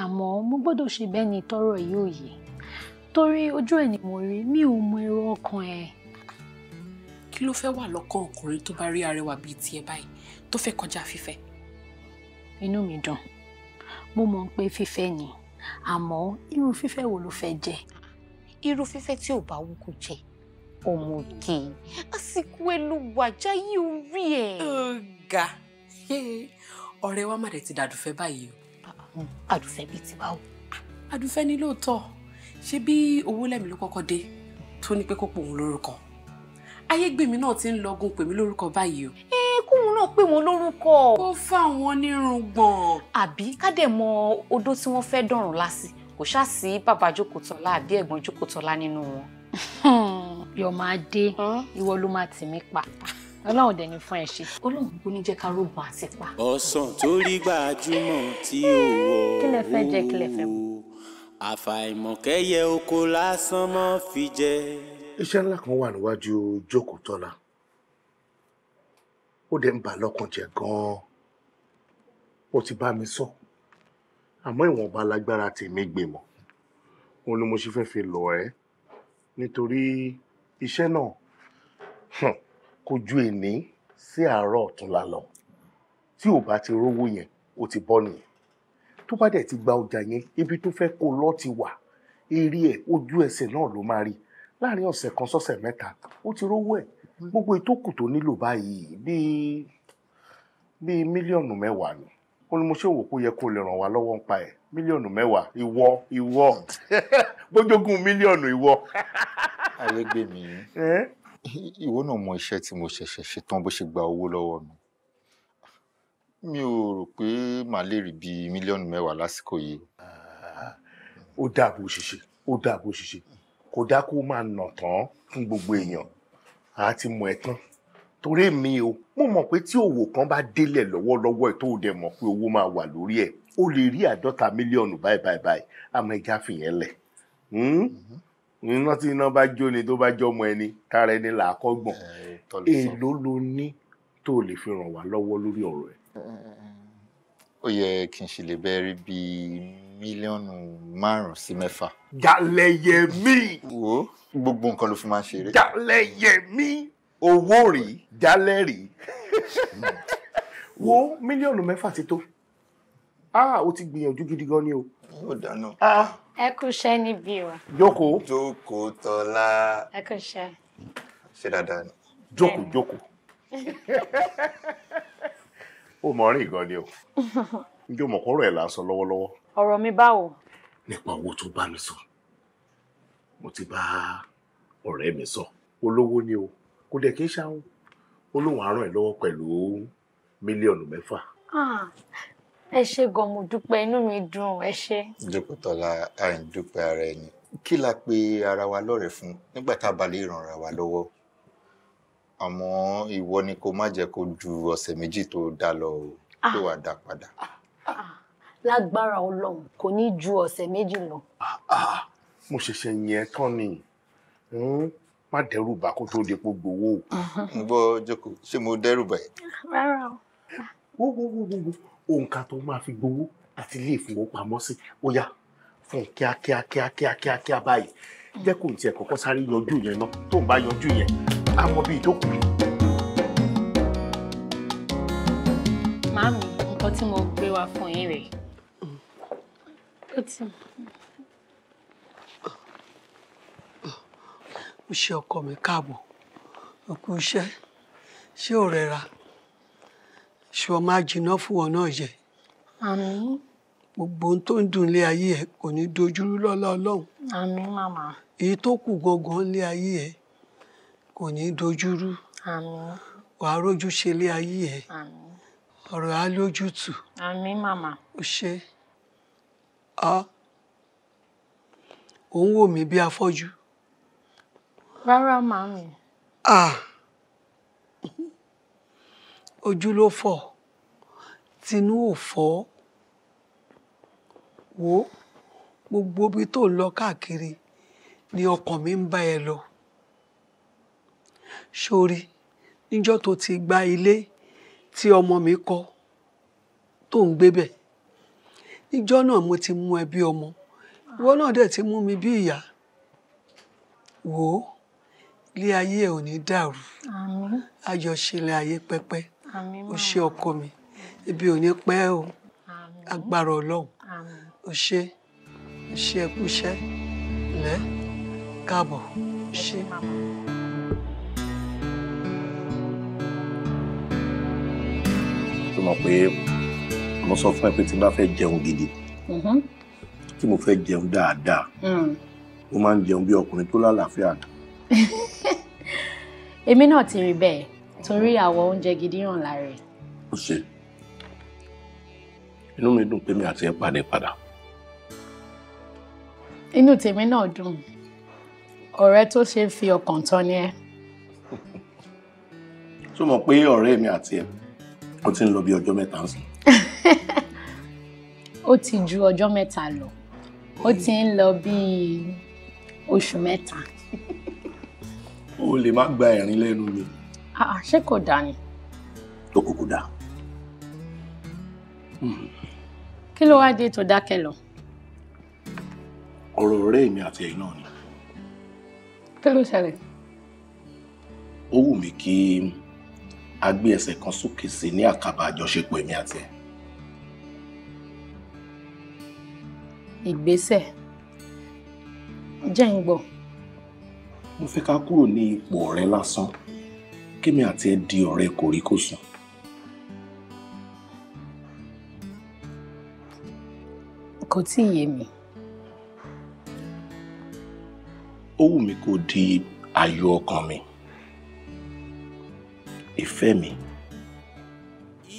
àmọ́ mo gbọ́dọ̀ ṣe bẹ́ẹ̀ ni tọ́rọ̀ yìí ò yé torí ojú ẹ̀ ni mo rí mi ò mọ èrò ọkàn ẹ̀. kí ló fẹ́ wà lọ́kàn ọkùnrin tó bá rí arẹwà bíi tiẹ̀ báyìí tó fẹ́ kọjá fífẹ́. inú mi dùn mo mọ̀ pé fífẹ́ ni àmọ́ irú fífẹ́ wo ló fẹ́ jẹ́. irú fífẹ́ tí ò bá wù kó jẹ́ ọmọ òkè àsìkò ẹlòwàjá yìí ò rí ẹ̀. ọ̀gá ọ̀rẹ́ wa má dẹ̀ ti dàdùfẹ́ báyìí o. Ah, ah, àdùfẹ́ bíi ti báwo. Ah, àdùfẹ́ ni lóòótọ́ ṣé bí owó lẹ́mi ló kọ́kọ́ dé tó ní pé kó pòun lórúkọ ayégbèmí náà ti ń lọgun pèmí lórúkọ báyìí o. ẹ kóun náà pè wọn lórúkọ. kó fáwọn nírùngbọ̀n. àbí ká dẹ̀ mọ odó tí wọ́n fẹ́ dọ̀rùn lásì kò ṣáà sí bàbá jókòtọ́lá àbí ẹ̀gbọ́n jókòtọ́lá nínú wọn. yọ̀ọ́ máa dé ìwọ ló máa tì mí pa ọlọ́run dẹ̀ ní fún ẹ ṣe. ọlọ́run kò ní jẹ́ ká rògbò àti pa. ọ̀sán tó rí gbajúmọ̀ tí ó wọ̀ ó kílẹ̀ fẹ́ jẹ́ kílẹ̀ fẹ́ mu. àfàìmọ̀kẹ́yẹ oko lásán mọ́ fi jẹ. iṣẹ́ ńlá kan wà níwájú jókòó tọ́lá ó dẹ̀ ń bà lọ́kàn jẹ́ gan-an ó ti bá mi sọ àmọ́ ìwọ̀nba lágbára tèmi gbèmọ̀ òun ni mo ṣe fẹ́ fi lọ ẹ́ nítorí iṣẹ́ náà kó ju èní sí àárọ̀ ọ̀túnla lọ tí ò bá ti rówó yẹn ó ti bọ́ nìyẹn tó bá dẹ̀ ti gba ọjà yẹn ibi tó fẹ́ kó lọ ti wà eré ẹ̀ ojú ẹsẹ̀ náà ló máa rí láàrin ọ̀sẹ̀ kan sọ́sẹ̀ mẹ́ta ó ti rówó ẹ̀ gbogbo ìtókù tó nílò báyìí bíi bíi mílíọ̀nù mẹ́wàá ni ó ní mo ṣe wò kó yẹ kó lè ràn wá lọ́wọ́ ń pa ẹ̀ mílíọ̀nù mẹ́wàá ìwọ ìwọ gbójógún mílíọ̀nù ìwọ. ayé gbé mi ìwọ náà mọ iṣẹ́ tí mo ṣẹ̀ṣẹ̀ ṣetán bó ṣe gba owó lọ́wọ́ mi mi ò rò pé màá lè rí bíi mílíọ̀nù mẹ́wàá lásìkò yìí. ó dáa bó ṣe ṣe ó dáa bó ṣe ṣe kò dáa kó máa nà tán fún gbogbo èèyàn á ti mọ ẹ tán torí mi o mo mọ̀ pé tí òwò kan bá délẹ̀ lọ́wọ́lọ́wọ́ ẹ̀ tó dẹ̀ mọ̀ pé owó máa wà lórí ẹ̀ ó lè rí àádọ́ta mílíọ̀nù báyìí báyìí báyìí àmọ́ ẹja fìyẹn lẹ̀ hmm? mhm iná tí iná bá jó ni tó bá jọmọ ẹni tára ẹni là á kọ́gbọ̀n èèló ló ní tó lè fi ràn wá lọ́wọ́ lórí ọ̀rọ̀ ẹ̀. ó yẹ kí n ṣe lè bẹ́ẹ̀ rí bíi mílíọ̀nù márùn-ún sí mẹ́fà. jàlẹ̀yẹ mi. wo gbogbo nǹkan ló fi máa ń ṣeré. jàlẹ̀yẹ mi. owó rí jálẹ̀ rí. wo mílíọ̀nù mẹ́fà ti tó. a ah, ó ti gbìyànjú gidi gan ni o. ó dáná. a. Ah, ẹ kúṣẹ́ níbí Joko Joko. jókòó tọ́lá. ṣé dáadáa ni. Joko, joko. O mọ gan ni o. njẹ́ o e la ẹ̀ là lọ́wọ́lọ́wọ́. ọ̀rọ̀ mi báwo. nípa owó tó bá mi sọ mo ti bá ọ̀rẹ́ mi sọ olówó ni o kò dẹ̀ kí n ṣáwọn olóhùn àárọ̀ ẹ̀ lọ́wọ́ pẹ̀lú mílíọ̀nù mẹ́fà. Ah, ẹ ṣe gan mo dúpẹ́ inú mi dùn ẹ ṣe. jókòtọ́lá à ń dúpẹ́ ara ẹni kí la pe ara wa lọ́rẹ̀ẹ́ fún nígbà tá a bá lè ràn ara wa lọ́wọ́ àmọ́ ìwọ ni kó má jẹ́ kó ju ọ̀sẹ̀ méjì tó dá lọ o ah. tó wàá dá padà. Ah, ah, lágbára ọlọ́run kò ní ju ọ̀sẹ̀ méjì lọ. mo ṣẹ̀ṣẹ̀ yẹn tán ni má dẹ́rù bà kó tó depo gbowó. n gbọ́ jókòó ṣé mo dẹ́rù bà ẹ́. rárá o òǹkà tó máa fi gbowó àti ilé ìfowópamọ́sí ó yá fún kíákíá kíákíá kíákíá báyìí jẹ́ kó tiẹ̀ kọ́kọ́ sáré yanjú yẹn náà tó ń bá yanjú yẹn á mọ bí ìdókù. màámi nǹkan tí mo gbé wá fún yín rèé ó ti. ó ṣe ọkọ mi káàbọ̀ òkú iṣẹ́ ṣé ò rẹra ṣé ọ máa jìnnà fún ọ náà yẹ. àmín. gbogbo ohun tó ń dùn ilé ayé ẹ kò ní dojúrú lọ́lá ọlọ́run. àmín màmá. èyí tó kù gangan ilé ayé ẹ kò ní dojúrú. àmín. wàá rójú ṣe ilé ayé ẹ. àmín. ọ̀rọ̀ á lójútù. àmín màmá. ṣe á òun wò mí bí afọ́jú. rárá màmí. ah ojú ló fọ́ tinú ò fọ́ wo gbogbo ibi tó lọ káàkiri ni ọkàn mi ń bá ẹ lọ sórí níjọ́ tó ti gba ilé tí ọmọ mi kọ́ tó ń gbé bẹ̀ níjọ́ náà mo ti mú ẹ bí ọmọ ìwọ náà dẹ̀ ti mú mi bí ìyá wò ilé ayé ò ní dàrú àjọṣe ilé ayé pẹ́pẹ́ o ṣe ọkọ mi ibi ò ní pẹ́ o agbára ọlọ́run o ṣe o ṣe ẹkú lẹ́ káàbọ̀ o ṣe. tó mọ̀ pé mo sọ fún ẹ pé tí n bá fẹ́ jẹun gidi mm-hmm. tí mo fẹ́ jẹun dáadáa mm. mo máa ń jẹun bí ọkùnrin tó lálàáfíà. èmi náà ti rí bẹ́ẹ̀ torí àwọ̀ oúnjẹ gidi hàn lára ẹ̀. ó ṣe inú mi dùn pé mi àti ẹ pàdé padà. inú tèmi náà dùn ọ̀rẹ́ tó ṣe fi ọkàn tán ni ẹ. tó mọ̀ pé ọ̀rẹ́ mi àti ẹ ó ti ń lọ bí ọjọ́ mẹ́ta sí. ó ti ju ọjọ́ mẹ́ta lọ ó ti ń lọ bíi oṣù mẹ́ta. o lè má gba ẹ̀rín lẹ́nu mi. Ah, ah, ṣé kò dáa ni. tó kúkú dáa. Hmm. kí ló wáá dé tó dákẹ́ lọ. ọ̀rọ̀ ọ̀rẹ́ mi àti ẹ̀yin náà ni. kí ló ṣẹlẹ̀. ó wù mí kí a gbé ẹsẹ̀ kan sókè sí ní àkàbà àjọṣepọ̀ èmi àti ẹ̀. ìgbésẹ̀ jẹ́ ń gbọ́. mo fẹ́ ká kúrò ní ipò ọ̀rẹ́ lásán kémi àti ẹ di ọ̀rẹ́ kòríkòsùn. kò tí ì yé mi. ó wù mí kó di ayò ọkàn mi ìfẹ́ mi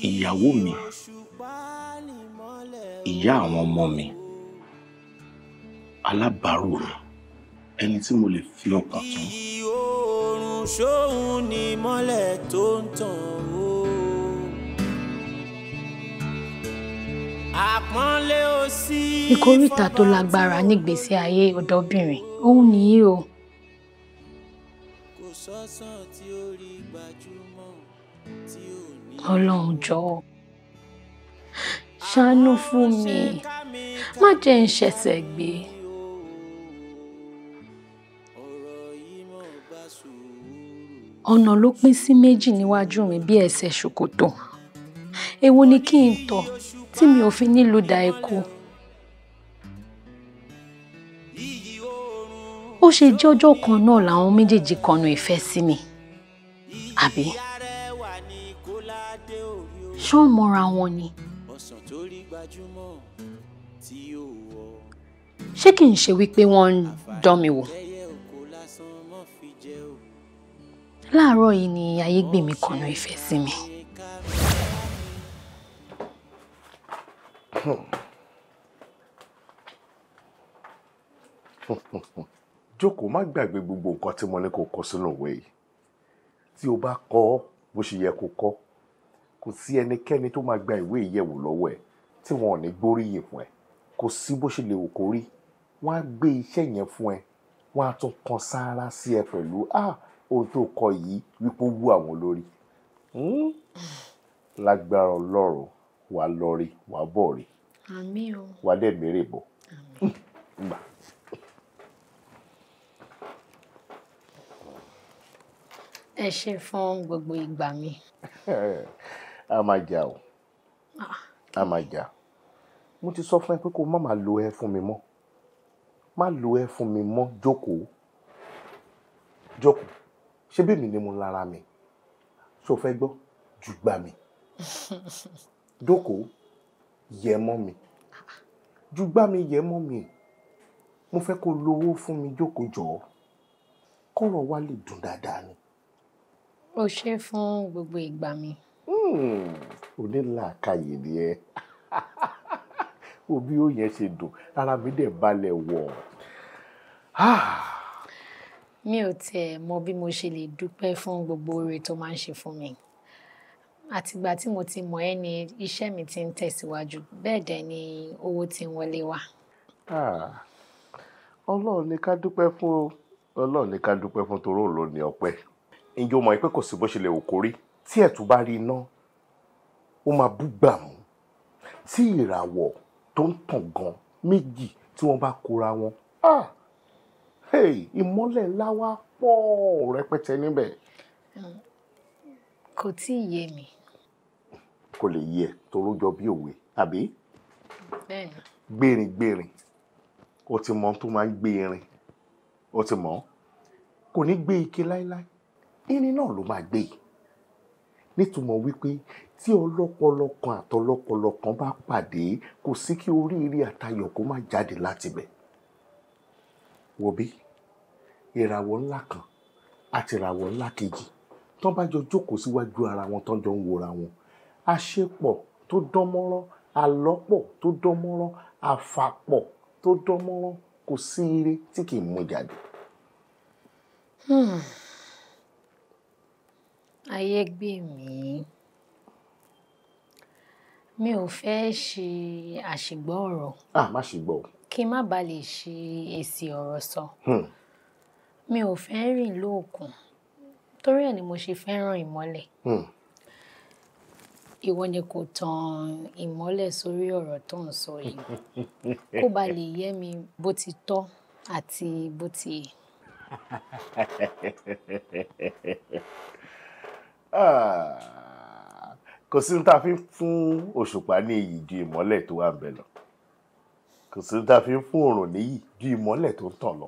ìyàwó mi ìyá àwọn ọmọ mi alábàárò mi ẹni tí mo lè fi ọkàn tán. iyì oòrùn ṣóhun ni mọ́lẹ̀ tó ń tàn ó. àpọ́nlé ó sí. ìkórìtà tó lágbára nígbèsè ayé ọ̀dọ́bìnrin òun nìyí o. kò sọ́sàn tí ó rí gbajúmọ̀ tí ò ní. ọlọ́run jọ̀ọ́ ṣàánú fún mi má jẹ́ ń ṣẹ̀ṣẹ̀ gbé. ọ̀nà ló pín sí méjì níwájú mi bí ẹsẹ̀ ṣòkòtò èwo ni kí n tọ̀ tí mi ò fi nílò da eku. ó ṣe jẹ́ ọjọ́ kan náà làwọn méjèèjì kọnu ìfẹ́ sí mi àbí ṣán mọ́ra wọn ni. ṣé kì í ṣe wípé wọ́n ń dán mi wò. láàárọ̀ yìí ni ayégbèmí kọ̀nà ìfẹ́ sí mi. jókòó má gbàgbé gbogbo nǹkan tí mo ní kó kọ sínú ìwé yìí tí o bá kọ ọ bó ṣe yẹ kó kọ kò sí ẹnikẹ́ni tó máa gba ìwé ìyẹ̀wò lọ́wọ́ ẹ̀ tí wọn ò ní gbóríyìn fún ẹ kò sí bó ṣe lè wò kó rí wọn á gbé iṣẹ́ yẹn fún ẹ wọn á tún kan sáárá sí ẹ pẹ̀lú ah ohun tó kọ yìí wípé ó wú àwọn lórí hmm? lágbára ọlọ́run wà lọ́rí wà bọ̀ rí àmín o wà dẹ̀ mèrè bọ̀. ẹ ṣe fún gbogbo ìgbà mi. a máa jà o ah. a máa jà mo ti sọ fún ẹ pé kó má máa lo ẹ fún mi mọ́ má lo ẹ fún mi mọ́ jókòó jókòó ṣé bèmi ni mo lára mi ṣó fẹ́ gbọ́ jù gbà mí dókòó yẹ mọ́ mi jù gbà mí yẹ mọ́ mi mo fẹ́ kó lówó fún mi jókòó jọ̀ọ́ kọ́rọ̀ wa lè dùn dáadáa ni. o ṣe fún gbogbo ìgbà mi. Hmm, onílàákàyè ni ẹ òbí ó yẹn ṣe dùn ara mi dẹ̀ balẹ̀ wọ̀. Ah mi ò tiẹ̀ mọ bí mo ṣe lè dúpẹ́ fún gbogbo oore tó máa ń ṣe fún mi àtìgbà tí mo ti mọ ẹ ni iṣẹ́ mi ti ń tẹ̀síwájú bẹ́ẹ̀ dẹ̀ ni owó ti ń wọlé wá. Ah, ọlọ́run ni ká dúpẹ́ fún ọlọ́run ni ká dúpẹ́ fún toró ló ní ọpẹ́ ǹjẹ́ mọ̀ pé kò sí bó ṣe lè wò kórí tí ẹ̀tún bá rí iná ó máa bú gbàmù tí ìràwọ̀ tó ń tàn gan méjì tí wọ́n bá kóra wọn. Ah! ìmọ́lẹ̀ ńlá wá pọ̀ rẹpẹtẹ níbẹ̀. kò tí ì yé mi. kò lè yẹ toró jọ bí òwe àbí. bẹ́ẹ̀ni. gbèrin gbèrin o ti mọ tó máa ń gbé irin o ti mọ kò ní gbé ike láéláé irin náà ló máa gbé nítumọ̀ wípé tí ọlọ́pọlọ kan àtọlọ́pọlọ kan bá pàdé kò sí kí oríire àtayọ̀ kó má jáde láti bẹ̀ wò bí ìràwọ̀ ńlá kan àti ìràwọ̀ ńlá kejì tán bá jọ jókòó síwájú ara wọn tán jọ ń wòra wọn àṣepọ̀ tó dán mọ́rán àlọ́pọ̀ tó dán mọ́rán àfàpọ̀ tó dán mọ́rán kò sí ire tí kì í mú jáde. Hmm. ayé gbè mí mi ò fẹ́ ṣe àṣìgbọ́ ọ̀rọ̀. a ah, má ṣe gbọ́ o kí n má bàa lè ṣe èsì ọ̀rọ̀ sọ hmm. mi ò fẹ́ rìn lóòkùn torí ẹ̀ ni mo ṣe fẹ́ràn ìmọ́lẹ̀ hmm. ìwọ ni kò tan ìmọ́lẹ̀ sórí ọ̀rọ̀ tó ń sọ yìí kó ba lè yé mi bó ti tọ́ àti bó ti. Ah, kò sí ní ta fi fún òṣùpá ní iyì ju ìmọ́lẹ̀ tó wà ń bẹ lọ kò sí tá a fi ń fún oòrùn níyì ju ìmọ́lẹ̀ tó ń tàn lọ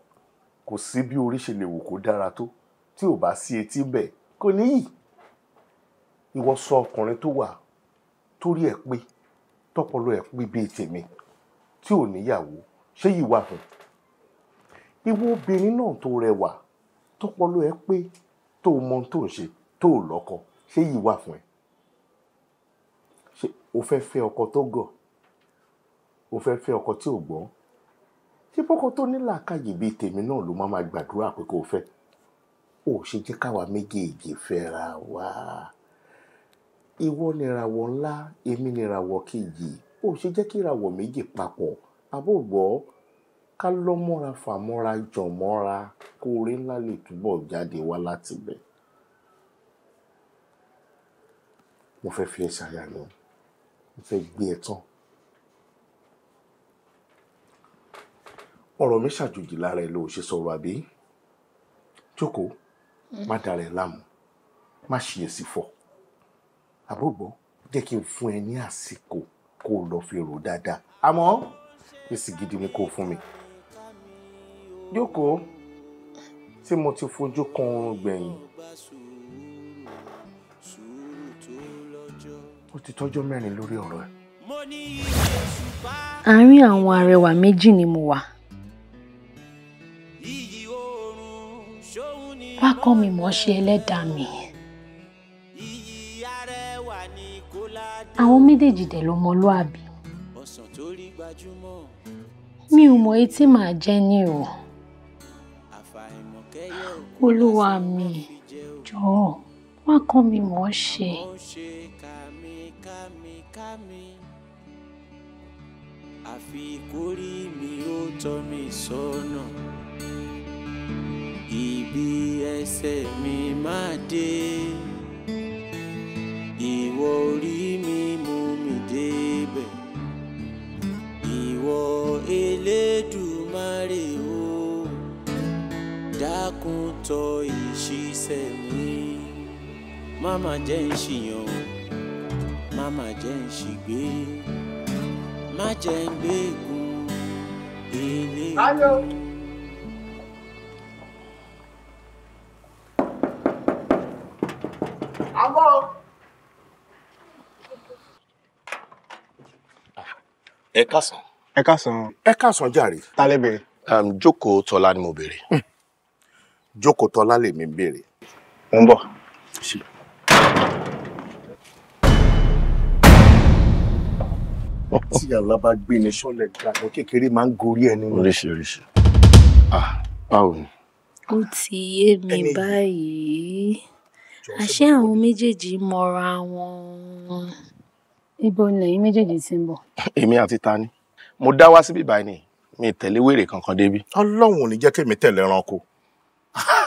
kò sí bí orí ṣe lè wò kó dára tó tí ò bá sí etí bẹ̀ kò níyì ìwọ sọ ọkùnrin tó wà torí ẹ̀ pé tọpọlọ ẹ̀ pé bíi tèmi tí ò níyàwó ṣé yìí wà fún ìwọ obìnrin náà tó rẹwà tọpọlọ ẹ̀ pé tó mọ tó ń ṣe tó lọ́kọ ṣé yìí wà fún ẹ ṣé o fẹ́ fẹ́ ọkọ tó gọ̀ ó fẹ́ fẹ́ ọkọ tí ò gbọ́n ṣé bọ́kọ tó ní làákàyè bíi tèmi náà ló máa máa gbàdúrà pé kó o fẹ́ ò ṣe jẹ́ káwa méjèèjì fẹ́ra wa ìwọ nìràwọ̀ ńlá èmi nìràwọ̀ kejì ò ṣe jẹ́ kí ìràwọ̀ méjì papọ̀ àbò gbọ́ ká lọ́ mọ́ra fà mọ́ra jọ̀ mọ́ra kó orí ńlá lè túbọ̀ jáde wá láti bẹ̀. mo fẹ́ fi ẹ ṣàyà lọ mo fẹ́ gbé ẹ tán ọ̀rọ̀ mi ṣàjòjì lára ẹ ló ṣe sọ̀rọ̀ àbí jókòó mm. má dara ẹ láàmú má ṣiyèsí fọ àbúgbọ jẹ́ kí n fún ẹ ní àsìkò kó o lọ fi rò dáadáa àmọ́ èsì gidi ni kó o fún mi jókòó tí mo ti fojú kan oorun gbẹ̀yìn ó ti tọ́jọ́ mẹ́rin lórí ọ̀rọ̀ ẹ̀. àárín àwọn arẹwà méjì ni mo wà. kọ́ mi mọ̀ ṣe ẹlẹ́dàá mi. àwọn méjèèjì dẹ̀ ló mọlúàbí. mi ò mọ etí màá jẹ́ ní o. olúwa mi jọ̀ọ́ wá kọ́ mi mọ̀ ṣe. àfi kórìí mi ó tọ́ mi sọ́nà. So no ibi ẹsẹ̀ mi máa dé ìwọ orí mi mú mi débẹ̀ ìwọ elédùmarè o dákun tọ́ ìṣiṣẹ́ mi má jẹ́ ń ṣìyàn má jẹ́ ń ṣìgbé má jẹ́ ń gbégun ilé mi. ẹ kásán. ẹ kásán. ẹ kásán jàre. ta lẹ bèrè. Um, jókòó tọ́lá ni mo bèrè. Hmm. jókòó tọ́lá lèmi ń bèrè. mo ń bọ̀. tí àlá bá gbé ni sọ́lẹ̀ gbàgbọ́ kékeré máa ń gorí ẹni. oríṣiríṣi ah, báwo ni. ó ti yé mi báyìí àṣé àwọn méjèèjì mọra wọn. Ibo ni ẹ̀yin méjèèjì ti ń bọ̀? Èmi àti ta ni. Mo dá wá síbí báyìí ni mi tẹ̀lé wèrè kankan débi. Ọlọ́run ò ní jẹ́ kémi tẹ̀lé ẹranko.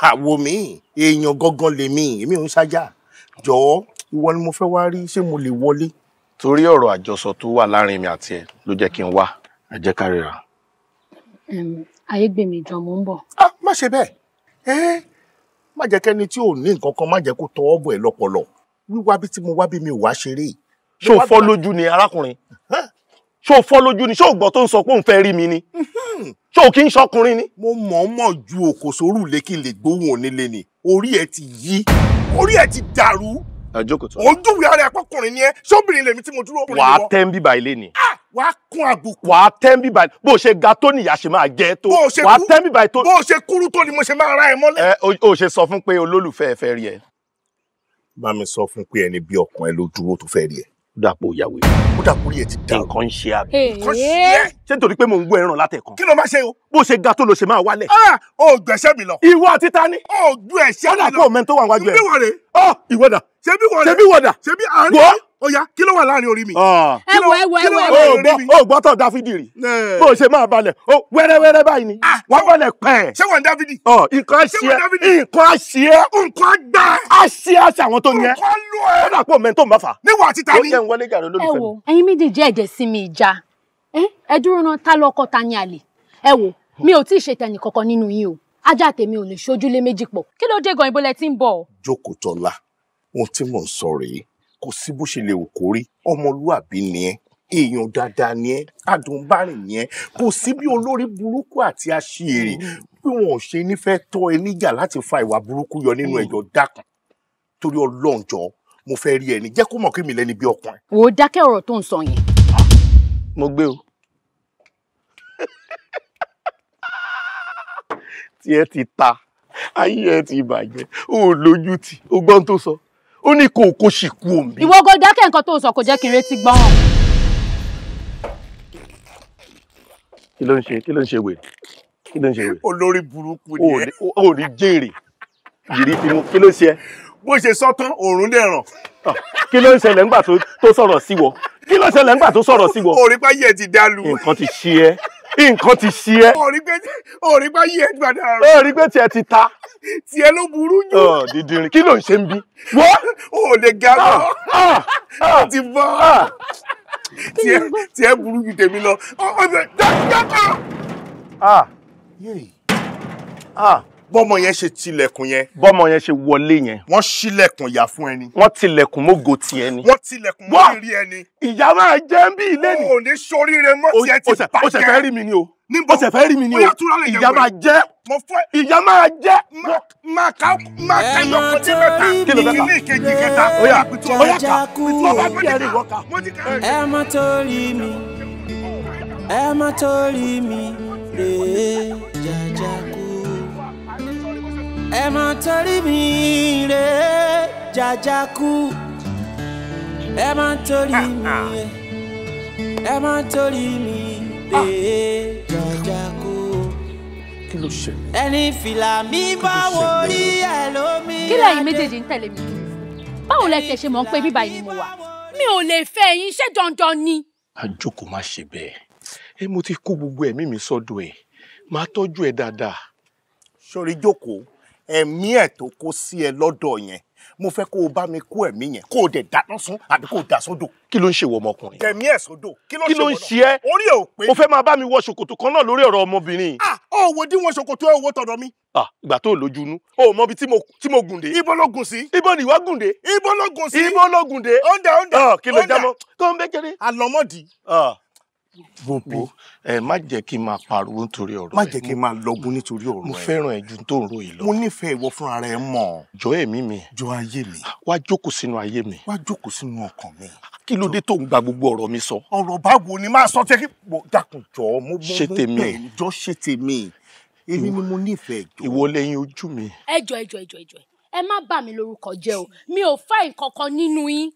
Àwo mi, èèyàn gangan lèmi, èmi ò ń ṣájà. Jọ̀ọ́, ìwọ ni mo fẹ́ wá rí, ṣé mo lè wọlé? Torí ọ̀rọ̀ àjọsọ tó wà láàrin mi àti ẹ ló jẹ́ kí n wá. Ẹ jẹ́ ká ríra. Ayégbèmí ìjọ mo ń bọ̀. Á ah, má ṣe bẹ́ẹ̀. Ẹ́ má jẹ́ kẹ́ni tí ò ní nǹkan kan má jẹ́ kó tọwọ́ bọ̀ ẹ́ lọ́pọlọ. Wíwá bí tí mo wá bí mi ò wá ṣeré yìí ṣó fọ́ lójú ni arákùnrin ṣó fọ́ lójú ni ṣó gbọ́ tó ń sọ pé òun fẹ́ rí mi ni ṣó kí n ṣọkùnrin ni. mo mọ̀ ọ́n mọ̀ ju òkò sórù lékè lè gbóhùn onílé ni orí ẹ ti yí orí ẹ ti dàrú. ojúwe ara ẹ pọkùnrin ni ẹ sóbìnrin lèmi tí mo dúró. wà á tẹ́ ń bíbá ilé ni. Ah! wà á kún àbùkù. wà á tẹ́ ń bíbá bó o ṣe ga tó nìyà ṣe máa jẹ tó. wà á tẹ́ ń bíbá tó. bó o ṣe kúrú tó ni mo ṣe máa ra ẹ mọ́lẹ̀. ẹ o ṣe sọ fún pé olólùfẹ́ ẹ fẹ́ rí ẹ. bá mi sọ fún pé ẹni bí ọkàn ẹ ló dúró tó fẹ́ rí ẹ ó dà pé òyàwó yìí. ó dà pé ẹ ti dà. nǹkan ń ṣe àbí. nǹkan ṣe é. ṣé nítorí pé mò ń gbọ́ ẹran látẹ̀kan. kí ló máa ṣe o. bó ṣe ga tó ló ṣe máa wálẹ̀. ó ah, gbẹ̀ṣẹ́ mi lọ. ìwọ àti ta ni. gbẹ̀ṣẹ́ mi lọ. ó dà pé òmẹ́ni tó wà wájú ẹ. ṣé bí wọ̀rẹ́. ọ ìwọ́dà. ṣé bí wọ̀rẹ́. ṣé bí wọ̀dà. ṣé bí àárín ó yá kí ló wà láàrin orí mi. ẹwọ ẹwọ ẹwọ ẹwọ o gbọ́ tọ̀ dáfídì rí bó ṣe máa balẹ̀ o wẹ́rẹ́wẹ́rẹ́ báyìí ni ah, wọ́n balẹ̀ pẹ́. ṣé wọ́n dáfídì. ọ nǹkan ṣe é nǹkan ṣe é. nǹkan gbà. a ṣe é aṣọ àwọn tó yẹn. nǹkan lọ ẹ. ó dàpọ̀ mẹ́tò máa fà. níwọ̀ àti tani. ó jẹ́ ń wọlé gàdọ́ lórí fẹ́mi. ẹ wo ẹyin méjèèjì ẹ̀jẹ̀ sí mi ìjà ẹ dúró náà ta lọkọ ta ni àlè ẹ wo mi ò tí ì ṣe tẹnì kankan nínú yín o ajá tèmi ò lè ṣojúlé méjì pọ̀ kí ló dé gan ibo lẹ ti ń bọ̀. jókòó tọ́lá ohun tí mò ń sọ rèé kò sí bó ṣe lè wò kó rí ọmọlúàbí ni ẹ èèyàn dáadáa ni ẹ adùnbárìn ni ẹ kò sí bí olórí burúkú àti aṣèrè mm. bí wọn ò ṣe nífẹ̀ẹ́ tọ́ ẹ níjà láti fa ìwà burúkú yọ nínú mm. ẹjọ́ dákun torí ọlọ́njọ́ mo fẹ́ rí ẹni jẹ́ kó mọ̀ kí mi lẹ́ni bí ọkùnrin. wò ó dákẹ́ ọ̀rọ̀ tó ń sọ yẹn. mo gbé o tí ẹ ti ta ayé ẹ ti bàjẹ́ o ò lójú tì o gbọ́n tó sọ ó ní kò kó sì kú omi. ìwọ go dákẹ́ nǹkan tó sọ kò jẹ́ kí n retí gbọ́n. kí ló ń ṣe kí ló ń ṣe wèrè kí ló ń ṣe wèrè. olórí burúkú ni ẹ ò ní jèrè yìrì fimú kí ló ṣe ẹ. bó ṣe sọ tán òórùn dẹ̀ ràn. kí ló ń ṣẹlẹ̀ ńgbà tó sọ̀rọ̀ sí wọ kí ló ń ṣẹlẹ̀ ńgbà tó sọ̀rọ̀ sí wọ. òrí pa yẹ ti dá lu. nǹkan ti ṣe ẹ nǹkan ti ṣe ẹ́. òrí pé yí ẹ gbàdá rẹ. òrí pé tiẹ̀ ti ta. tiẹ̀ ló burú jù. dídìrín kí ló ń ṣe ń bí. wọ́n ò lè ga lọ. Ah, ah, ah. ó ti bọ́. tiẹ̀ burú jù tèmi lọ. ọ̀sẹ̀ dákúdákú. ah. ah bọ́mọ yẹn ṣe tilẹ̀kùn yẹn. bọ́mọ yẹn ṣe wọlé yẹn. wọ́n ṣílẹ̀kùn ìyá fún ẹni. wọ́n tilẹ̀kùn mógo ti ẹni. wọ́n tilẹ̀kùn mórí rí ẹni. ìyá máa jẹ́ ń bí ilé ni. o ò ní soríire mọ́ tiẹ̀ ti bàjẹ́. o ṣe fẹ́ rí mi ni o. níbo o ṣe fẹ́ rí mi ni o. ìyá máa jẹ́. mo fẹ́. ìyá máa jẹ́. máa ká máa ká yọkọ tí mẹ́ta ìkíní ìkejì kẹta. ó yá ó yá ká ẹ má torí mi ẹ má torí mi rèé jàjà ẹ má torí mi rè jajaku ẹ má ah, ah. torí mi ẹ má torí mi rè jajaku ẹni fìlà mi bá wo rí ẹ lómi. kí lẹ́yìn méjèèjì ń tẹ̀lé mi báwo lẹ tẹ̀ ṣe mọ̀ ń pé bíbá yìí ni mo wà mi ò lè fẹ́ yín ṣé dandan ni. àjòkò má ṣe bẹ́ẹ̀ ẹ mo ti kó gbogbo ẹ̀mí mi sọ́dọ̀ ẹ̀ máa tọ́jú ẹ dáadáa. sọ̀rí jókòó ẹ̀mí ẹ̀ tó kó sí ẹ lọ́dọ̀ yẹn mo fẹ́ kó o bá mi kó ẹ̀mí yẹn kó o dẹ̀ dáná sun àbí kó o dà sódò. kí ló ń ṣe ìwọ ọmọkùnrin. tẹ̀mí ẹ̀ sódò kí ló ń ṣe ẹ́ orí ẹ̀ ò pé. o fẹ́ máa bá mi wọ ṣòkòtò kan náà lórí ọ̀rọ̀ ọmọbìnrin. ah ó wo díwọ̀n ṣòkòtò ẹ̀ wo tọ̀dọ̀ mi. ah ìgbà tó lójú inú o mọ ibi tí mo gùn dé. ibo ló gùn sí. ibo ni ìwà gùn dé. ibo ló gùn sí. ibo ló gùn dé. ọ̀ndà ọ̀ndà ọ̀ndà ah, kí ló jámọ́ tó ń bẹ́kẹ́rẹ́. àlọ́mọ́dì. ah Bobo ẹ má jẹ́ kí n máa pariwo nítorí ọ̀rọ̀ ẹ má jẹ́ kí n máa lọgun nítorí ọ̀rọ̀ ẹ mo fẹ́ràn ẹ ju tó ń ro yìí lọ. mo nífẹ̀ẹ́ ìwọ fúnra rẹ mọ̀. jọ èmi mi. jọ ayé mi. wá jókòó sínú ayé mi. wá jókòó sínú ọkàn mi. kí ló dé tó ń gba gbogbo ọ̀rọ̀ mi sọ. ọ̀rọ̀ báwo ni máa sọ tẹ́ kí. dákun jọ mo mo ṣe tèmi ẹ jọ ṣe tèmi èmi ni mo nífẹ̀ẹ́ jọ. ìwọ lẹ́yìn ojú mi. ẹjọ ẹjọ ẹjọ ẹjọ ẹ má bà mí lórúkọ jẹ́ o mi ò fẹ́ nǹkan kan nínú yín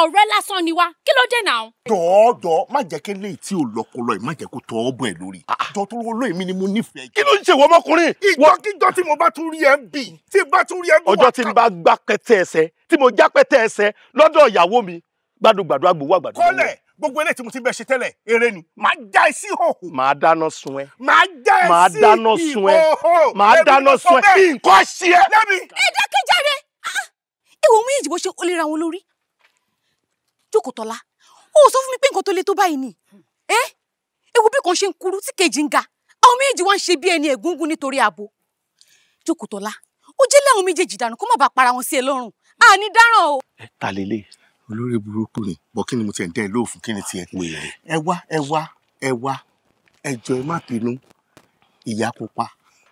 ọ̀rẹ́ lásán ni wá kí ló dé náà. dọ̀ọ́dọ̀ má jẹ́ kí lè tí ò lọ́kọlọ́ yìí má jẹ́ kó tọ́ ọ bọ̀ ẹ̀ lórí. jọ tó lọ́ọ́ èmi ni mo nífẹ̀ẹ́. kí ló ń ṣe wọ́n ọmọkùnrin. ìjọkíjọ tí mo bá tún rí ẹ ń bì tí bá tún rí ẹ ń bì. ọjọ́ tí n bá gbá pẹ́tẹ́ ẹsẹ̀ tí mo já pẹ́tẹ́ ẹsẹ̀ lọ́dọ̀ ìyàwó mi gbàdúgbàdú agbowó àgbàdo. gbogbo eléyìí tí mo ti bẹ ṣe tẹ́lẹ̀ eré ni màá já ẹ sí ìhòhò. màá dáná sun ẹ. màá já ẹ sí ìhòhò. màá dáná sun ẹ. màá dáná sun ẹ. nǹkan ṣe é. ẹ dákẹ́jáde ah, ìwọ̀n méjì bó ṣe olè ra wọn lórí jókòó tọ́lá ó sọ fún mi pé nǹkan tó le tó báyìí ni ẹ ewu bí kan ṣe ń kúrú tí kejì ń ga àwọn méjèèjì wá ń ṣe bí ẹni ẹ̀gúngún nítorí abo jókòó tọ́lá ó jẹ́ láwọn méjèèjì dànù kó má bàa para wọn sí ẹ lọ́rùn àní dáràn o. ẹ ta lélẹ̀ olórí burúkú ni bọ́ kí ni mo ti ẹ̀ dẹ́ lóòfin kí ni tiẹ̀ pé ẹ wá ẹ wá ẹ wá ẹ jọ̀ọ́ ẹ má bínú ìyá pupa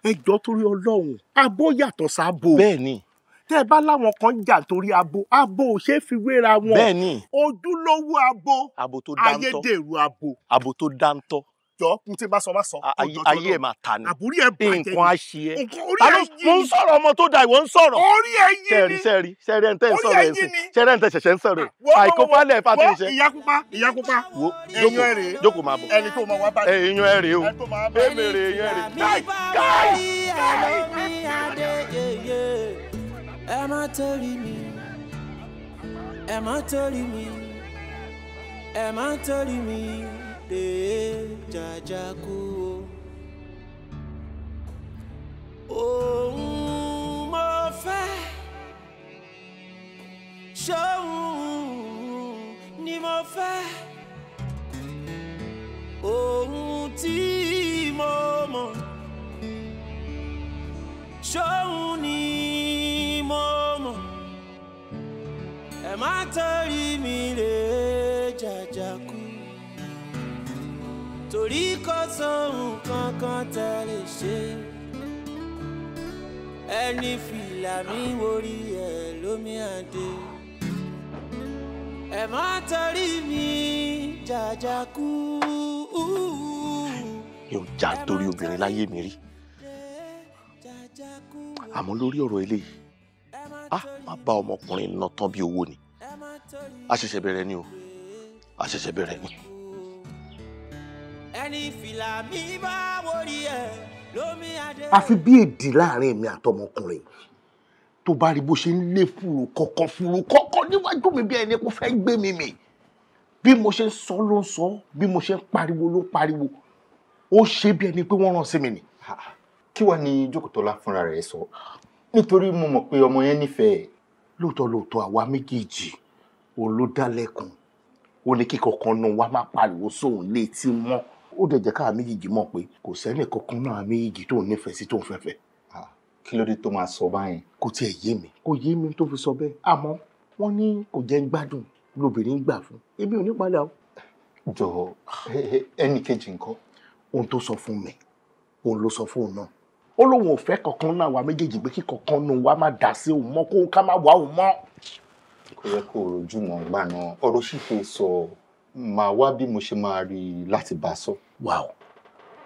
ẹ jọ̀ọ́ torí Ọlọ́run abó yàtọ̀ sábò. bẹ́ẹ̀ tẹ́ ẹ bá láwọn kan jà torí abo abo ò ṣeé fi wéra wọn bẹ́ẹ̀ni ojúlówó abo ayédèrú abo abo tó dáńtọ́ jọ kun tí n bá sọ bá sọ. ayé ẹ máa ta àbúrí ẹ bàjẹ́ nǹkan á ṣe ẹ. orí mo ń sọ̀rọ̀ ọmọ tó da ìwọ ń sọ̀rọ̀. orí ẹ yí ni sẹ́ẹ̀rì sẹ́ẹ̀rì ẹ̀ ń tẹ́ ń sọ̀rọ̀ ẹ̀ sí sẹ́ẹ̀rì ẹ̀ ń tẹ́ ṣẹ̀ṣẹ̀ ń sọ̀rọ̀ ẹ̀ àìkópalẹ̀ fati ṣe. ìyá pupa ìyá pupa ẹyin ẹ rèé jókòó máa bọ̀ ẹni tó máa wá bá mi. rèé o Am I telling me? Am I telling me? Am I telling me? lè jajaku. Oh, o. òun mo fẹ́ ṣóun ni mo fe. Oh, ti mo mọ̀ ṣóun ni. ẹ má torí mi lè jàjàkú torí kò sóhun kankan tẹ lè ṣe ẹni fìlà mi worí ẹ lómi àdé ẹ má torí mi jàjàkú. yóò já torí obìnrin láyé mi rí àmọ́ lórí ọ̀rọ̀ eléyìí ah má bá ọmọkùnrin náà tán bí owó ni a ṣẹ̀ṣẹ̀ bẹ̀rẹ̀ ni o a ṣẹ̀ṣẹ̀ bẹ̀rẹ̀ ni. ẹni fìlà mi bá wọrí ẹ lómi adé. àfi bí èdè láàrin èmi àtọmọkùnrin tó bá rí bó ṣe ń lé fúru kọ̀ọ̀kan fúru kọ̀ọ̀kan níwájú mi bí ẹni kò fẹ́ gbé mi mì bí mo ṣe ń sọ ló ń sọ bí mo ṣe ń pariwo ló ń pariwo ó ṣe bí ẹni pé wọ́n rán sí mi ni. kí wàá ní jókòtọ́lá fúnra rẹ̀ sọ nítorí mo mọ̀ pé ọmọ yẹn nífẹ̀ẹ́ lóòótọ́ lóòótọ́ àwa méjèèjì olódálẹ́kùn ó ní kíkọ kan nu wa má pariwo sóun létí mọ́ ó dẹ̀ jẹ́ káà méjèèjì mọ̀ pé kò sẹ́ni kankan náà méjèèjì tó nífẹ̀ẹ́ sí tó ń fẹ́fẹ́. kí ló dé tó máa sọ báyìí. kò tiẹ̀ yé mi kò yé mi tó fi sọ bẹ́ẹ̀ àmọ́ wọ́n ní kò jẹ́ ń gbádùn lóbìnrin gbà fún èmi ò ní padà o. jọ̀ọ́ ẹnì kejì ńkọ́. ohun tó sọ fún mi òun ló sọ fún òun náà ó lóun ò fẹ́ kankan náà wa méjèèjì pé kí kankan nù wa má dà sí òun mọ́ kó ká má wà òun mọ́. kò yẹ kó rojú mọ́ gbà náà ọ̀rọ̀ sì fi sọ màá wá bí mo ṣe máa rí i láti bá a sọ. wà ó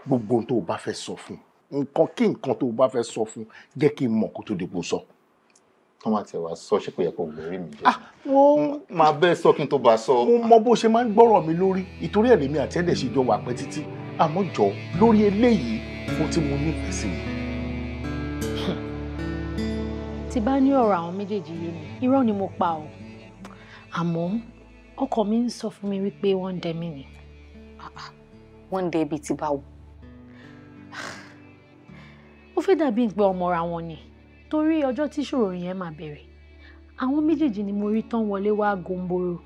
gbogbo ohun tó o bá fẹ́ sọ fún nǹkan kí nǹkan tó o bá fẹ́ sọ fún jẹ́ kí n mọ̀ kó tó dìbò sọ. tó máa tẹ̀ wá sọ ṣé kò yẹ kó gbẹ̀rí mi jẹ́. Ah, máa bẹ́ẹ̀ sọ kí n tó bá a sọ. mo mọ bó ṣe máa ń gbọ́rọ̀ mi lórí ìtorí ẹ̀rí mi àtẹ́dẹ̀ ṣe jọ wà pẹ́ títí àmọ́ jọ lórí eléyìí mo ti mo nífẹ̀ẹ́ sí i tí bá ní ọ̀rọ̀ àwọn méjèèjì yé mi irọ́ ni mo pa o àmọ́ ọkọ mi ń sọ fún mi wípé wọ́n ń dẹ mí ni. wọ́n ń dẹ ibi tí báwo. ó fẹ́ dàbí ìgbà ọmọra wọn ni torí ọjọ́ tí ìṣòro yẹn máa bẹ̀rẹ̀ àwọn méjèèjì ni mo rí tán wọlé wá gomboro.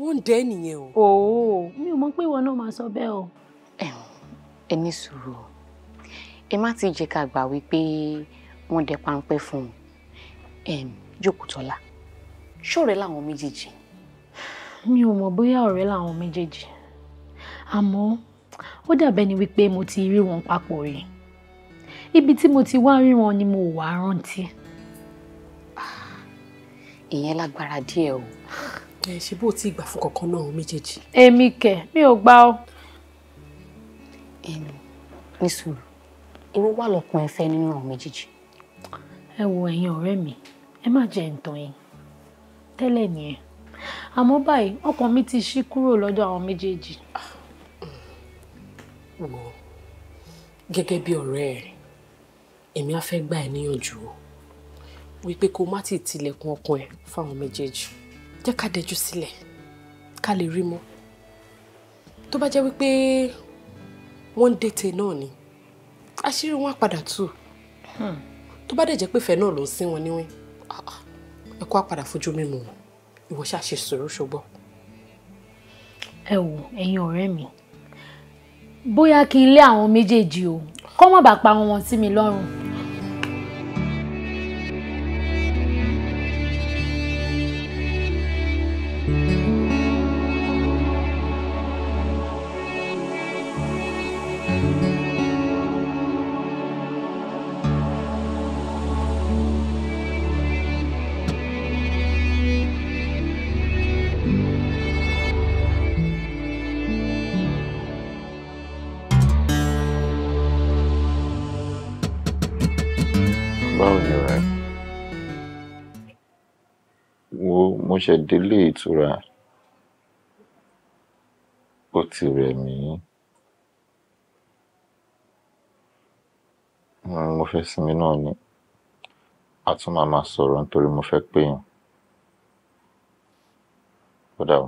wọ́n ń dẹ́ nìyẹn o. òó mi ò mọ̀ pé ìwọ náà máa sọ bẹ́ẹ̀ o. ẹ ní sùúrù ẹ má ti jẹ́ ká gbà wípé wọ́n dẹ páńpẹ́ fún un jókòtọ́lá ṣọ̀rẹ́ làwọn méjèèjì. mi ò mọ̀ bóyá ọ̀rẹ́ làwọn méjèèjì àmọ́ ó dàbẹ́ ni wípé mo ti rí wọn papọ̀ rí ibi tí mo ti wá rí wọn ni mo wà á rántí. Ah, ìyẹn lágbára díẹ̀ o. ẹ ṣe bó o ti gbà fún kankan náà méjèèjì. èmi kẹ mi ò gbà ọ. ẹnu ní sùúrù irú wà lọkùnrin fẹ́ nínú àwọn méjèèjì ẹ wo ẹ̀yin ọ̀rẹ́ mi ẹ má jẹ́ ǹtàn yìí tẹ́lẹ̀ nìyẹn àmọ́ báyìí ọkàn mi ti ṣí kúrò lọ́dọ̀ àwọn méjèèjì. Ah, wo gẹ́gẹ́ bí ọ̀rẹ́ ẹ̀ èmi á fẹ́ gbà ẹ́ níyànjú o wípé kó má ti tilẹ̀kùn ọkàn ẹ̀ fáwọn méjèèjì jẹ́ ká dẹjú sílẹ̀ ká lè rí mọ́ tó bá jẹ́ wípé wọ́n ń dètè náà ni àṣírí wọn á padà tú. Hmm tó bá dẹ̀ jẹ́ pé ìfẹ́ náà ló ń sín wọn níwìn ah, ẹ kó àpàdà fojú mímu ìwọ ṣáà ṣe sùúrù ṣùgbọ́n. ẹ wò ẹ̀yin ọ̀rẹ́ mi bóyá kí n lé àwọn méjèèjì o kọ́ mọ̀ bá pa wọn sí mi lọ́rùn. ṣe délé ìtura ó ti rẹ̀ mo fẹ́ sinmi náà ni a tún máa máa sọ̀rọ̀ nítorí mo fẹ́ péyàn ó dà o.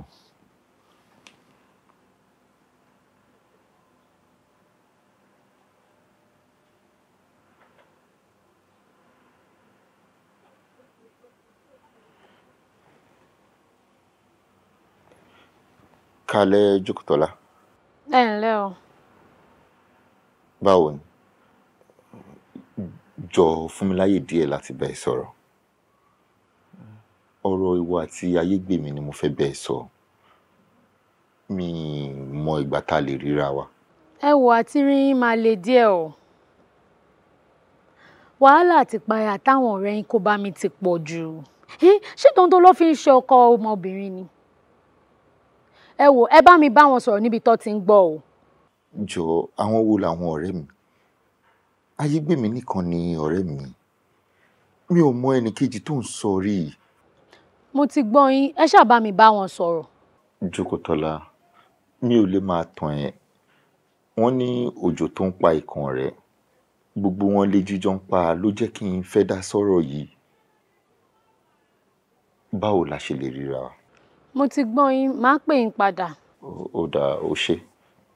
kalẹ̀ jókòtọ́lá. ẹ ǹlẹ́ o. báwo ni jọ fún mi láyè díẹ̀ láti bẹ́ẹ̀ sọ̀rọ̀ ọ̀rọ̀ ìwọ àti ayégbèmí ni mo fẹ́ bẹ́ẹ̀ sọ mi mọ ìgbà tá a lè ríra wa. ẹ wò àti rin máa le díẹ̀ o wàhálà àti ìpayà táwọn ọ̀rẹ́ yín kó bá mi ti pọ̀ jù hm? ṣé tòun tó fi ń ṣe ọkọ ọmọbìnrin ni ẹ wò ẹ bá mi bá wọn sọ̀rọ̀ níbi tó ti ń gbọ́ o. jọ àwọn wo làwọn ọ̀rẹ́ mi ayégbèmí nìkan ni ọ̀rẹ́ mi mi ò mọ ẹnìkejì tó ń sọ rí i. mo ti gbọ́ yín ẹ ṣáà bá mi bá wọn sọ̀rọ̀. jókòtọ́lá mi ò lè máa tàn ẹ́ wọ́n ní òjò tó ń pa ìkan rẹ̀ gbogbo wọn lè jíjọ ń pa ló jẹ́ kí n fẹ́ dá sọ́rọ̀ yìí báwo la ṣe lè ríra mo ti gbọ́ yín máa pè yín padà. ó dáa ó ṣe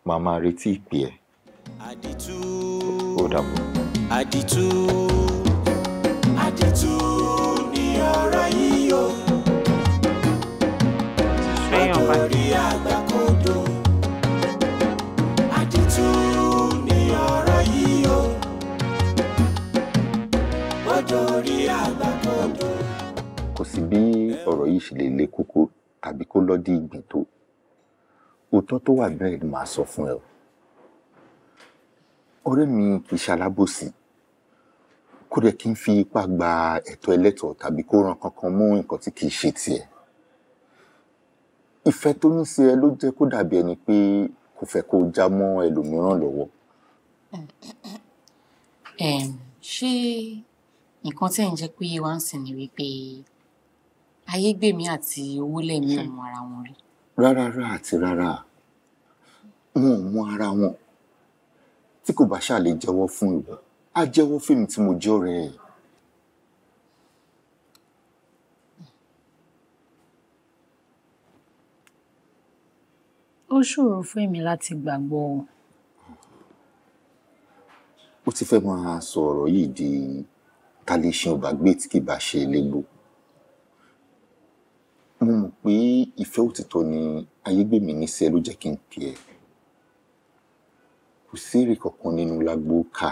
màá máa retí ìpè ẹ. àdìtú ó dàbọ̀. àdìtú àdìtú ni ọ̀rọ̀ yìí o. nítorí àgbàkodo àdìtú ni ọ̀rọ̀ yìí o. ó dorí àgbàkodo. kò sí bí ọ̀rọ̀ yìí ṣe lè le koko tàbí kó lọ di ìgbìn tó òótọ́ tó wà bẹ́ẹ̀ ni màá sọ fún ẹ o ọ̀rẹ́ mi kì í ṣalábòsí kó dẹ̀ kí n fi ipá gba ẹ̀tọ́ ẹlẹ́tọ̀ọ́ tàbí kó ran kankan mú nǹkan tí kì í ṣe tiẹ̀ ìfẹ́ tó ní sí ẹ ló jẹ́ kó dàbí ẹni pé kò fẹ́ kó já mọ́ ẹlòmíràn lọ́wọ́. ṣé nǹkan tẹ́ ń jẹ́ pé wá ń sìn ní wípé ayégbèmí àti owólẹ̀mí ò hmm. mọ ara wọn rí. rárá rárá àti rárá wọn ò mọ ara wọn tí kò bá ṣáà lè jẹ́wọ́ fún ìwọ á jẹ́wọ́ fún mi tí mo jẹ́ ọ̀rẹ́ ẹ̀. ó ṣòro fún èmi láti gbàgbọ́ o. ó ti fẹ́ máa sọ ọ̀rọ̀ yìí di ta lè ṣe ọ̀bàgbé tí kì bá ṣe légbò mo mọ̀ pé ìfẹ́ òtítọ́ ni ayégbèmí níṣẹ́ ló jẹ́ kí n pè ẹ́ kò sí èrè kankan nínú lágbo ká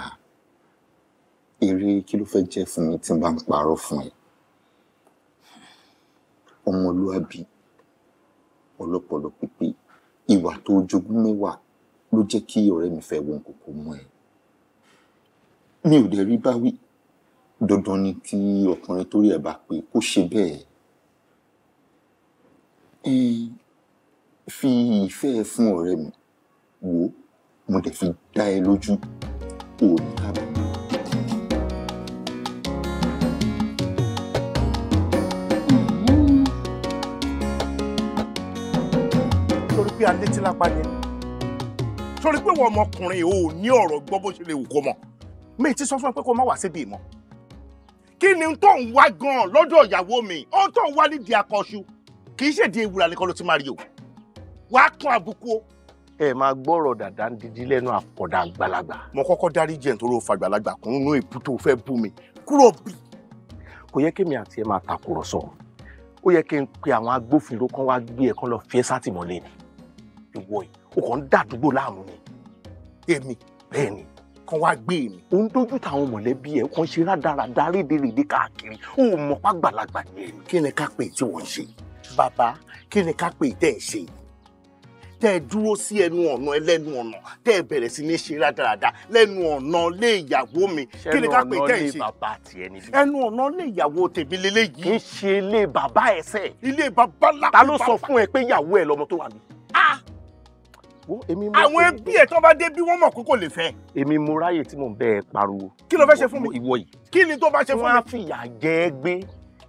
èrè kí ló fẹ́ jẹ́ fún mi tí n bá ń parọ́ fún ẹ ọmọlúàbí ọlọ́pọlọ pípé ìwà tó jogún mẹ́wàá ló jẹ́ kí ọ̀rẹ́ mi fẹ́ wọn kókó mọ́ ẹ mi ò dẹ̀ rí báwí dandan ni kí ọkùnrin torí ẹ̀ bá pé kó ṣe bẹ́ẹ̀ E fi ìfẹ́ fún ọ̀rẹ́ mi wò mo dẹ̀ fi dá ẹ lójú òní kábàámọ̀. torí pé alétílápá ni torí pé wọn ọmọkùnrin ò ní ọ̀rọ̀ gbọ́ bó ṣe lè wù kó mọ̀ mi ti sọ fún ẹ pé kó má wá síbi ìmọ̀ kí ni tó ń wá gan lọ́dọ̀ ìyàwó mi ó tó ń wá nídìí akọ̀ṣu kì í ṣèdí ewúra nìkan ló ti máa rí o wàá tún àbùkù o. ẹ máa gbọ́rọ̀ dàda ń dídí lẹ́nu àkọ́dà àgbàlagbà. mo kọ́kọ́ dárí jẹ́ nítorí o fa àgbàlagbà kún inú èébú tó fẹ́ bú mi kúrò bí. kò yẹ kémi àti ẹ máa takùrọ̀sọ ó yẹ kí n pe àwọn agbófinró kan wá gbé ẹ lọ fi ẹ sátìmọ́lé ni ìwọ yìí o kàn ń dàdúgbò láàmú ni. èmi bẹ́ẹ̀ ni kan wá gbé mi. ó ń dójú táwọn mọ̀lẹ́bí ẹ̀ kan ṣe rádaràda rédèrèdè káàkiri ó mọ̀ pàgbàlagbà ni ẹ̀ kí ni ká pè tí wọ́n ń ṣe bàbá kí ni ká pè tẹ́ ẹ̀ ṣe tẹ́ ẹ dúró sí ẹnu ọ̀nà ẹlẹ́nu ọ̀nà tẹ́ ẹ bẹ̀rẹ̀ sí ní ṣe rádaràda lẹ́nu ọ̀nà lé ìyàwó mi kí ni ká pè tẹ́ ẹ ṣe ẹnu ọ̀nà lé ìyàwó tèmi lélẹ́yìí. kì í ṣe ilé bàbá ẹsẹ̀. ilé bàbá lápá ta ló sọ fún ẹ pé ìyàwó ẹ lọmọ tó wà mí. ah àwọn ẹbí ẹ tó bá dé bí wọn mọ kó kò lè fẹ́. èmi mo ráyè tí mò ń bẹ ẹ pariwo. kí ló fẹ́ ṣe fún mi. ìwọ yìí. kí ni tó bá ṣe fún mi. wọn á fìyà jẹ ẹ gbé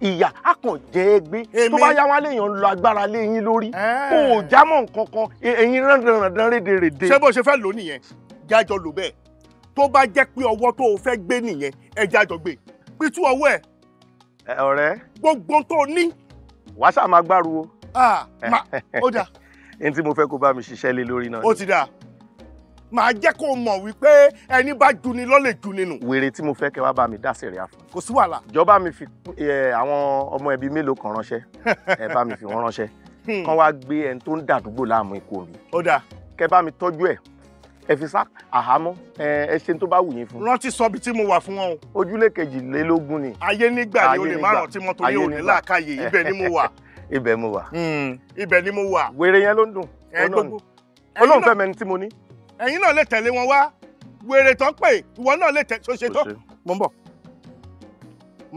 ìyà á kàn jẹ́ ẹgbẹ́ tó bá yá wọn léèyàn lọ agbára léyìn lórí kò já mọ́ nǹkan kan e, ẹ̀yin rándanrandan rédèrèdè. ṣé bó ṣe fẹ́ lò nìyẹn jájọ lò bẹ́ẹ̀ tó bá jẹ́ pé ọwọ́ tó o fẹ́ gbé nìyẹn ẹ jájọ gbé pitú ọwọ́ ẹ̀. ọ̀rẹ́. gbogbo tó o ní. wàá ṣáà máa gbárùn o. Ah, ó dà. ẹni tí mo fẹ́ kó bá mi ṣiṣẹ́ lé lórí náà. ó ti dáa màá jẹ́ kó mọ̀ wípé ẹni bá juni lọ́lẹ̀ juni nù. wèrè tí mo fẹ́ kẹ́ wá bá mi dá sẹ̀ríà fún. kò sí wàhálà. ìjọba mi fi àwọn ọmọ ẹbí mélòó kan ránṣẹ́ ẹ bá mi fi wọ́n ránṣẹ́ hmm. kán wá gbé ẹni tó ń dàdúgbò láàmú ikú mi. ó dáa. kẹ́ bá mi tọ́jú ẹ̀ ẹ fi sá àhámọ́ ẹ ṣe tó bá wù yín fún. rántí sọ ibi tí mo wà fún wọn o. ojúlé kejìlélógún ni. ayé nígbà ni o lè má rántí mọ́ torí òní làákàyè ibẹ̀ ni mo wà. ibẹ̀ mo wà. Hmm. ibẹ̀ ni mo wà. wèrè yẹn ló ń dùn. ẹ gbogbo olóhùn fẹ́ mẹ́ni tí mo ní ẹ̀yin náà lè tẹ̀lé wọn wá wèrè tán pè ìwọ náà lè tẹ̀lé ṣoṣe tó mò ń bọ̀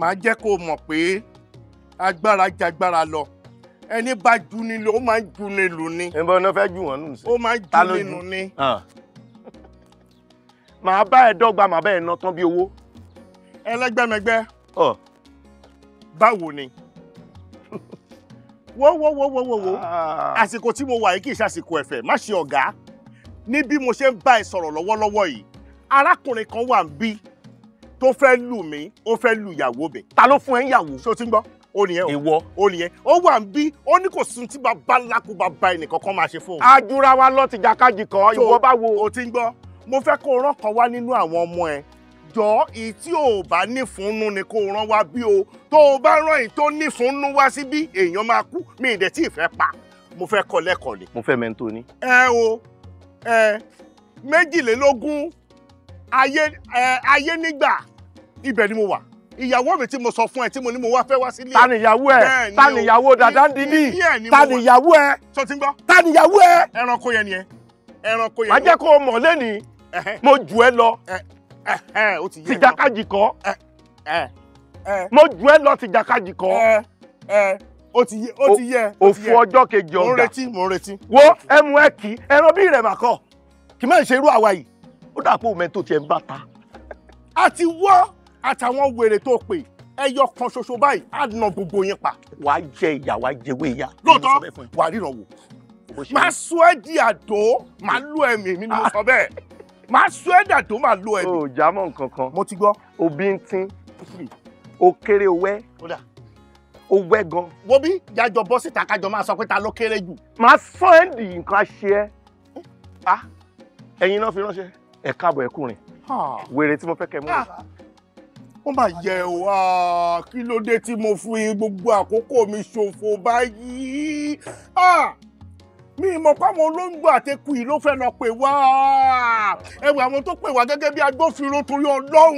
màá jẹ́ kó o mọ̀ pé agbára jagbára lọ ẹni bá ju ni lò ó máa ń ju ni lò ni. ìbọn náà fẹ́ jù wọ́n nù sí. ó máa ń ju ni nù ni. Ah. màá bá ẹ dọ́gba màá bá ẹ ná tán bí owó. ẹlẹgbẹmẹgbẹ. ọ. báwo ni. wo wo wo wo wo wo àsìkò tí mo wà yìí kì í ṣàsìkò ẹ̀fẹ̀ má ṣe ọ̀gá ní bí mo ṣe ń bá ẹ sọ̀rọ̀ lọ́wọ́lọ́wọ́ yìí arákùnrin kan wà ń bí tó fẹ́ lù mí ó fẹ́ lù ìyàwó bẹ̀ ta ló fún ẹ ń yàwó ṣé o ti ń gbọ́ ó nìyẹn o ìwọ ó nìyẹn ó wà ń bí ó ní kò sun tí bàbá lákú bàbá ẹnìkan kan máa ṣe fún òun. ajura wa lọ ti jàkadì kan ìwọ bá wo. o ti ń gbọ́ mo fẹ́ kó o rán kan wá nínú àwọn ọmọ ẹ jọ èyí tí ò bá nífúnnú ni kó rán wá bí o tó o bá rán èyí tó nífúnnú wá síbí èèyàn máa kú mi ì dẹ̀ tí ì fẹ́ pa mo fẹ́ kọ́ lẹ́kọ̀ọ́ ni. mo fẹ́ mẹ́ńtò ni. ẹ o méjìlélógún ayé nígbà ibẹ̀ ni mo wà ìyàwó mi tí mo sọ fún ẹ tí mo ní mo wá fẹ́ wá sílé. ta nìyàwó ẹ ta nìyàwó dàda ń dìní ta nìyàwó ẹ sọ ti ń gbọ́ ta nìyàwó ẹ. ẹranko yẹn ni ẹ ẹranko yẹn. má jẹ́ kó o mọ̀ lẹ́nìí mo jù ẹ lọ tìjàkadì kọ́ mo jù ẹ lọ tìjàkadì kọ́ ó ti yẹ ó ti yẹ ó ti ọjọ́ kejì ọ̀gá mo retí mo retí. wo ẹmu ẹ kì í ẹran bí ìrẹ̀mà kọ kì máa ń ṣe irú àwa yìí ó dà pé òun mẹ́tò tiẹ̀ ń bá ta. a ti wọ́ àtàwọn wèrè tó pè ẹyọ kan ṣoṣo báyìí á nà gbogbo yín pa. wàá jẹ ìyà wàá jẹwé ìyà. lóòótọ́ wàá ríran wò máa sọ ẹ́ di àdó máa lù ẹ̀mí mi ni mo ah. sọ bẹ́ẹ̀ máa sọ ẹ́ dàdó máa lù ẹ̀mí. o ò já mọ́ mo ti gbọ́. obi ń tín o kéré owẹ́ ó wẹ́ gan. wo bí jájọ bọ́ síta kájọ máa sọ pé ta ló kéré jù. màá sọ ẹ́ di nǹkan ṣe ẹ́ ah, ẹ̀yin náà fi ránṣẹ́ ẹ̀ káàbọ̀ ẹ̀kùnrin wèrè tí mo fẹ́ kẹ́ mú wọ́n ah, máa yẹ wá ah, kí ló dé tí mo fi gbogbo àkókò mi ṣòfò báyìí mi mọ̀ páwọn olóńgbò àtẹkù yìí ló fẹ́ lọ pè wá ẹ̀wẹ̀ àwọn tó pè wá gẹ́gẹ́ bí agbófinró torí ọlọ́run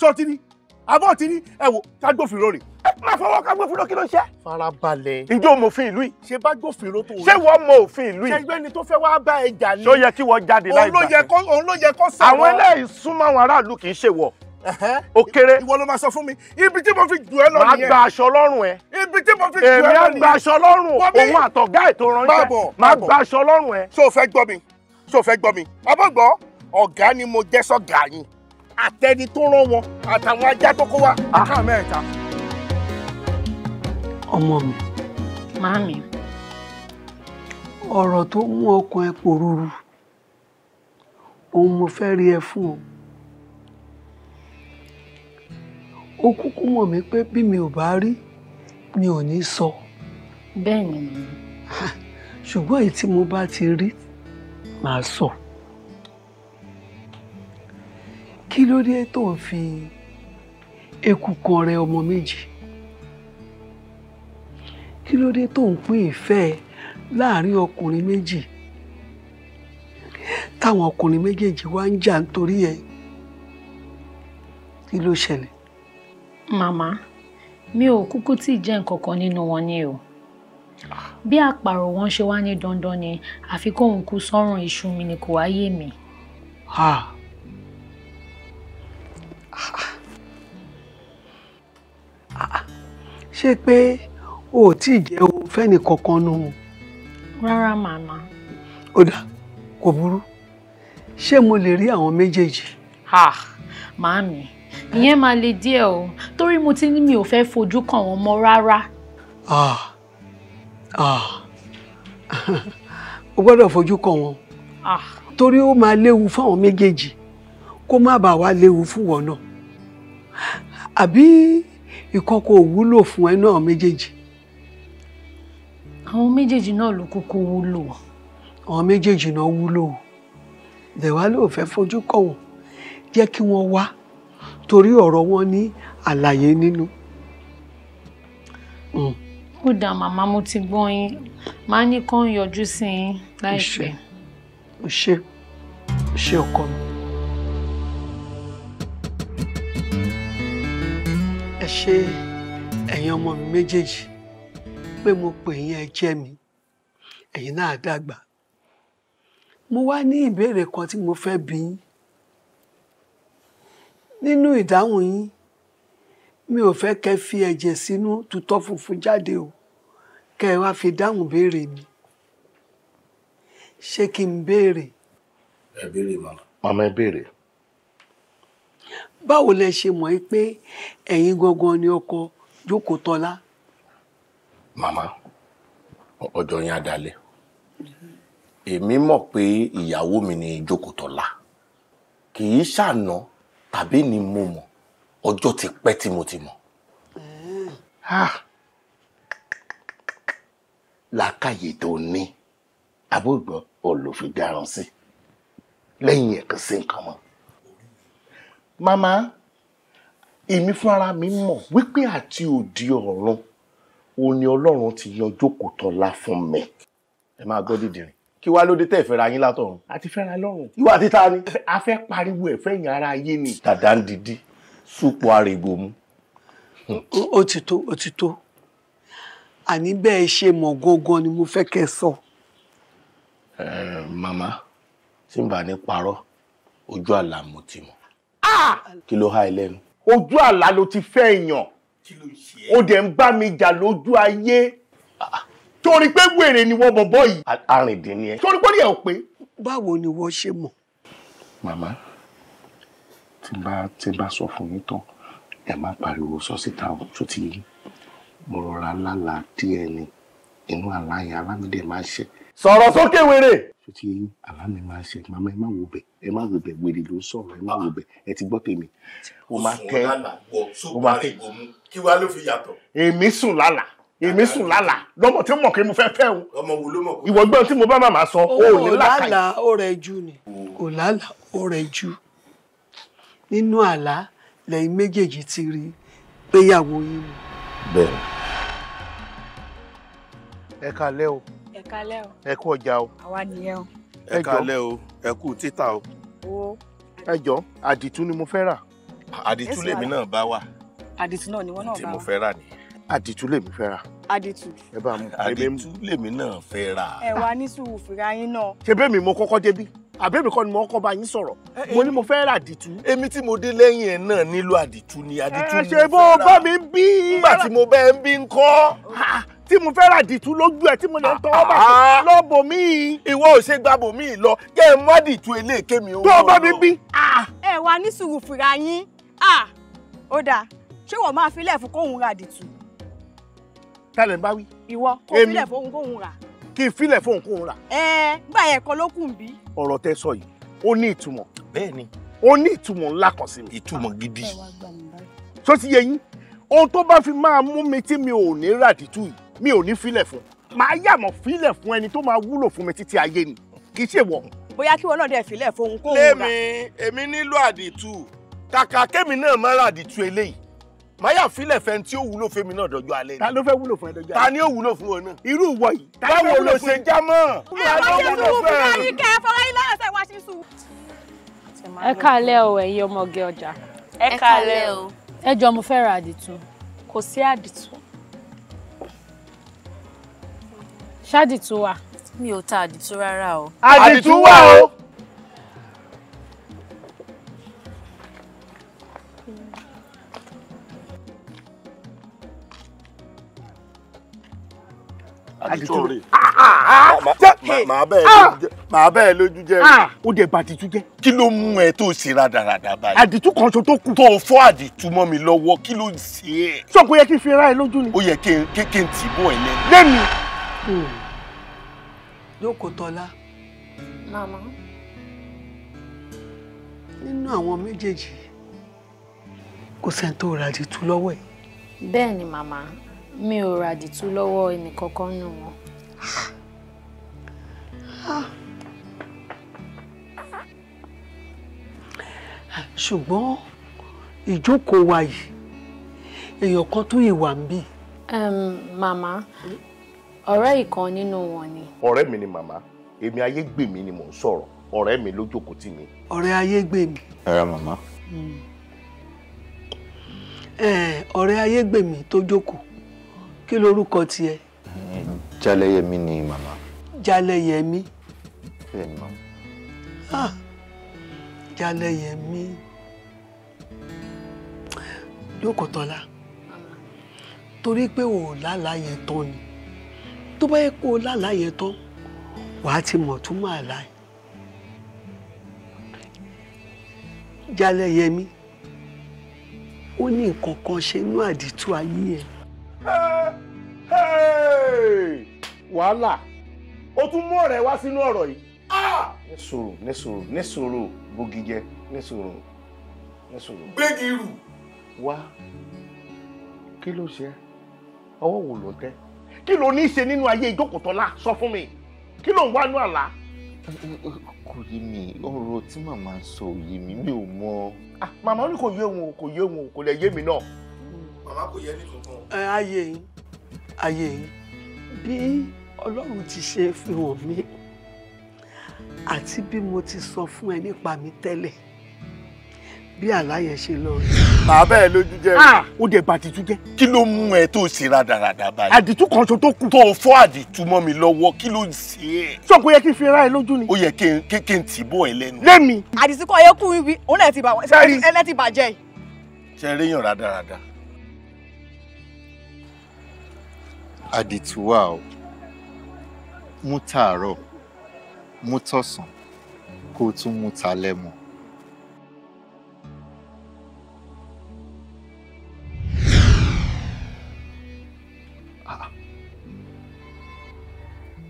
sọtí ni àbọ̀ ti ní ẹ wò kágbófinró rè ẹ má fọwọ́ kágbófinró kí ló ń ṣe. farabalẹ̀. ǹjẹ́ o mọ òfin ìlú yìí. ṣé bá gbófinró tó. ṣé wọ́n mọ òfin ìlú yìí. ṣẹgbẹ́ ni tó fẹ́ wá bá ẹ jà ni. ṣó yẹ kí wọ́n jáde láì gbà. òun ló yẹ kó sọ̀rọ̀. àwọn eléyìí súnmọ́ àwọn aráàlú kì í ṣèwọ̀ ó kéré. ìwọ ló máa sọ fún mi ibi tí mo fi jù ẹ lọ nìyẹn. máa gba aṣọ lọ́rùn ẹ. ibi tí mo fi jù ẹ lọ nìyẹn. èmi á gba aṣọ lọ́rùn òun àtọ̀gá ètò ránṣẹ́ máa gba aṣọ lọ́rùn ẹ. ṣó o fẹ́ gbọ́ mi ṣó o fẹ́ gbọ́ mi abọ́gbọ́ ọ̀gá ni mo jẹ́ sọ́gà yín àtẹni tó rán wọn àtàwọn ajá tó kó wá àká mẹ́ta. ọmọ mi màámi ọ̀rọ̀ tó mú ọkàn ẹ pòrúurú òun mo fẹ́ rí ẹ fún o. ó kúkú mọ̀ mí pé bí mi ò bá rí mi ò ní sọ. bẹ́ẹ̀ ni màámi. ṣùgbọ́n èyí tí mo bá ti rí màá sọ. So. kí ló dé tó ń fi eku kan rẹ ọmọ méjì kí ló dé tó ń pín ìfẹ́ láàrin ọkùnrin méjì táwọn ọkùnrin méjèèjì wá ń jà nítorí ẹ kí ló ṣẹlẹ̀. màmá mi ò kúkú tí jẹ́ nǹkan nínú wọn ni o bí àpàrọ̀ wọn ṣe wá ní dandan ni àfi kóun sọ́rùn iṣu mi ni kò wáyé mi. Ah ṣé pé o ò tí ì jẹ́ o fẹ́ni kankan nù. rárá màmá. ó dà kò burú ṣé mo lè rí àwọn méjèèjì. màámi ìyẹn máa le díẹ̀ o torí mo ti ní mi ò fẹ́ fojú kàn wọ́n mọ́ rárá. o gbọ́dọ̀ fojú kàn wọ́n ah. torí ó máa léwu fáwọn méjèèjì kó má bàa wá léwu fún wọn náà àbí ìkọ̀kọ̀ òwúlò fún ẹ náà méjèèjì. àwọn méjèèjì náà ló kúkú wúlò. àwọn méjèèjì náà wúlò dẹ̀wá ló fẹ́ fojú kọ̀ wọ́n jẹ́ kí wọ́n wá torí ọ̀rọ̀ wọn ní àlàyé nínú. Hmm. ó dà màmá mo ti gbọ́ yín màá ní kán yọjú sí yín láìpẹ́. ó ṣe ó ọkọ mi. ṣe ẹ̀yin ọmọ mi méjèèjì pé mo pè yín ẹ jẹ́ mi ẹ̀yin náà dàgbà mo wá ní ìbéèrè kan tí mo fẹ́ bi yín nínú ìdáhùn yín mi ò fẹ́ kẹ́ fi ẹ̀jẹ̀ sínú tutọ́ funfun jáde o kẹ́ ẹ wá fi dáhùn béèrè mi ṣé kí n béèrè. ẹ béèrè màmá. màmá ẹ béèrè báwo lẹ ṣe mọ̀ pé ẹ̀yin gangan ni ọkọ jókòó tọ́lá. màmá ọjọ́ yẹn adalẹ̀ èmi mọ̀ pé ìyàwó mi ni jókòó tọ́lá kì í ṣàná tàbí ni mo mọ̀ ọjọ́ ti pẹ́ tí mo ti mọ̀. làákàyè tó ní abúgbọ́ olùfidáran sí lẹ́yìn ẹ̀kan sí nǹkan mọ́. Mama, èmi fúnra mi mọ̀ wípé àti òdi ọ̀run òun ni ọlọ́run ti yan jókòó tọ́lá fún mi ẹ máa gbọ́ dídìrín kí wá lóde tẹ́ ìfẹ́ra yín látọ̀run. àti fẹ́ra lọ́run. ìwà títa ni. a fẹ́ pariwo ẹ̀fẹ́ yẹn ara ayé ni. dàdá ń didi súpò àrègbò mu. ó ti tó ó ti tó àní bẹ́ẹ̀ ṣe mọ̀ gangan ni mo fẹ́ kẹ́ ẹ sọ. màmá tí n bá ní parọ́ ojú àlá mo ti mọ̀. Ah! kí ló há ẹ lẹ́nu. ojú àlá ló ti fẹ́ èèyàn ó dẹ̀ ń bá mi jà lójú ayé torí pé wèrè ni wọ́n bọ̀bọ̀ yìí. arìndín ni ẹ. torí pé ó ní ẹ̀ ò pé. báwo ni wọ́n ṣe mọ̀. màmá tí n bá tí n bá sọ fún yín tán ẹ má pariwo sọ síta tó ti yí mo rọra lálàá díẹ̀ ni inú àlá alámídé máa ṣe. sọ̀rọ̀ sókè wèrè ṣe tí àlá mi máa ṣe màmá ẹ má wo bẹ ẹ má wo bẹ wèrè ló sọ̀rọ̀ ẹ má wo bẹ ẹ ti gbọ́ tèmi. o máa tẹ o máa tẹ kí wàá ló fi yàtọ̀. èmi sùn lálàá èmi sùn lálàá lọ́mọ tí mo mọ̀ pé mo fẹ́ fẹ́ o. ọmọ wo ló mọ̀ kó. ìwọ gbọ́n tí mo bá màmá sọ o ò ní làkàyè. o lálàá ó rẹ jù ni kò lálàá ó rẹ jù nínú àlá lẹ́yìn méjèèjì ti rí péyàwó yín. bẹ́ẹ̀ ẹ kálẹ́ o kálẹ́ o. ẹ kú ọjà o. àwa nìyẹn o. ẹ kálẹ́ o ẹ kú títà o. o. ẹ jọ àdìtú ni mo fẹ́ rà. àdìtú lèmi náà bá wà. àdìtú náà ni wọ́n náà bá wà. tí mo fẹ́ rà nìyẹn àdìtú lèmi fẹ́ ra. àdìtú. ẹ bá mú àdìtú lèmi náà fẹ́ ra. ẹ wá ní sùúrù fìrà yín náà. ṣebí mi mo kọ́kọ́ débí àbẹ́bí kọ́ ni mo kọ́ bá yín sọ̀rọ̀ mo ní mo fẹ́ ra àdìtú. èmi tí mo dé lẹ́yìn ẹ̀ náà nílò àdìtú ni àdìtú mi fẹ́ ra. ẹ ṣe bó bá mi bí. nígbà tí mo bẹ́ẹ̀ ń bí ń kọ́ tí mo fẹ́ rà dìtú lójú ẹ tí mo lè tọwọ́ bá tó lọ́bọ̀ mi. ìwọ ò ṣe gbàbọ̀ mi lọ jẹ́ ẹ má dìtú eléèké mi. tó o bá mi bí. Ah, ẹ wà ní sùúrù fìrà yín ah, ó dáa ṣé wọ́n máa fi lẹ́ẹ̀fún kóhun rà dìtú. tálẹ̀ ń bá wí. ìwọ kò fi lẹ̀ kóhun rà. kí n filẹ̀ fóhun kóhun rà. ẹ gbà yẹn kan ló bí. ọ̀rọ̀ tẹ sọ yìí ó ní ìtumọ̀. bẹ́ẹ̀ni. ó ní ìtumọ̀ ńlá kan sí mi. ìtumọ̀ gidi. sọ ti yẹ yín ohun tó bá fi máa mú mi tí mi ò ní rà dìtú yìí mi ò ní filẹ̀ fún màá yàmọ̀ filẹ̀ fún ẹni tó máa wúlò fún mi títí ayé ni kì í ṣèwọ. bóyá kí wọn náà dẹ filẹ̀ fún kó wúra. lémi èmi nílò àdìtú kàkà kémi náà má ra àdìtú eléyìí màá yà filẹ̀ fẹ́ tí ó wúlò fẹ́mi náà dọjọ́ alẹ́ ni. ta ló fẹ́ wúlò fún ẹ dọjọ́ alẹ́. ta ni ó wúlò fún ọ náà. irú ìwọ yìí. báwo ló ṣe já mọ́. ẹ wá ṣe sùúrù fún ẹ káalẹ́ o ẹ káalẹ́ ṣáàdìtú wà. mi ò ta àdìtú rárá o. àdìtú wà o. àdìtú rè ah, ah, ah. màá bẹ́ẹ̀ lójú jẹ́ ó dẹ̀ bàdìtú jẹ́. kí ló mú ẹ tó ṣe rádaràda báyìí. àdìtú kan ṣo tó kù. tó o fọ́ àdìtú mọ́ mi lọ́wọ́ kí ló ń ṣe é. sọ pé ó yẹ kí n fi ra ẹ lójú ni. ó yẹ kí n tì í bọ̀ ẹ lẹ́nu. lẹ́nu. Hmm jókòó tọ́lá. màmá. nínú àwọn méjèèjì kò sẹ́ni tó ra àdìtú lọ́wọ́ ẹ̀. bẹ́ẹ̀ ni màmá mi ò ra àdìtú lọ́wọ́ ẹnìkankan nù wọn. ṣùgbọ́n ìjókòó wa yìí èèyàn kan tó ìwà ń bì. màmá ọ̀rẹ́ ìkan nínú wọn ni. ọ̀rẹ́ mi ni màmá èmi ayégbèmí ni mò ń sọ̀rọ̀ ọ̀rẹ́ mi ló jókòó tì mí. ọ̀rẹ́ ayégbèmí. ẹ̀rọ màmá. Hmm. ọ̀rẹ́ ayégbèmí tó jókòó kí lorúkọ tiẹ̀. jalẹyẹmí ni màmá. jalẹyẹmí. bẹ́ẹ̀ ni màmá. ah jalẹyẹmí jókòó tọ́lá torí pé o ò lálàá tán ni tó bá yẹ kó o lálàá yẹn tán wàá ti mọ̀ tún máa láì. jálẹ̀ yẹmi ó ní nǹkan kan ṣe inú àdìtú ayé ẹ̀. wàhálà o tún mú ọ̀rẹ́ wá sínú ọ̀rọ̀ yìí. Ah! ní sùúrù ní sùúrù ní sùúrù bogijẹ ní sùúrù ní wá kí ló ṣe ọwọ́ wo ló tẹ́ kí ló ní í ṣe nínú ayé ìjókòtọ́lá sọ fún mi kí ló ń wá nú àlá. kò yé mi ọ̀rọ̀ tí màmá ń sọ yé mi mi ò mọ. màmá ní kò yé òun o kò yé òun o kò lè yé mi náà. màmá kò yẹ nínú kan. ẹ ayé yín ayé yín bí ọlọ́run ti ṣe fi hàn mí àti bí mo ti sọ fún ẹ nípa mi tẹ́lẹ̀ bí àlá yẹn ṣe lọ rí. bàbá ẹ lójú jẹ. Ah! ó dẹ̀ bá àdìtú jẹ́. kí ló mú ẹ tó ṣe rádaràda báyìí. àdìtú kan ṣo tó kù. tó o fọ́ àdìtú mọ́ mi lọ́wọ́ kí ló ń ṣe é. sọ pé ó yẹ kí n fi ra ẹ lójú ni. ó yẹ kí n tì bọ́ ẹ lẹ́nu. lẹ́mi. àdìtú kọ́ ẹ kú wíwí òun ẹ̀ ti bàjẹ́ ṣe é réyàn rádaràda. àdìtú wa o mú tààrọ̀ mú tọ̀sán kó tún mú ta lẹ́mu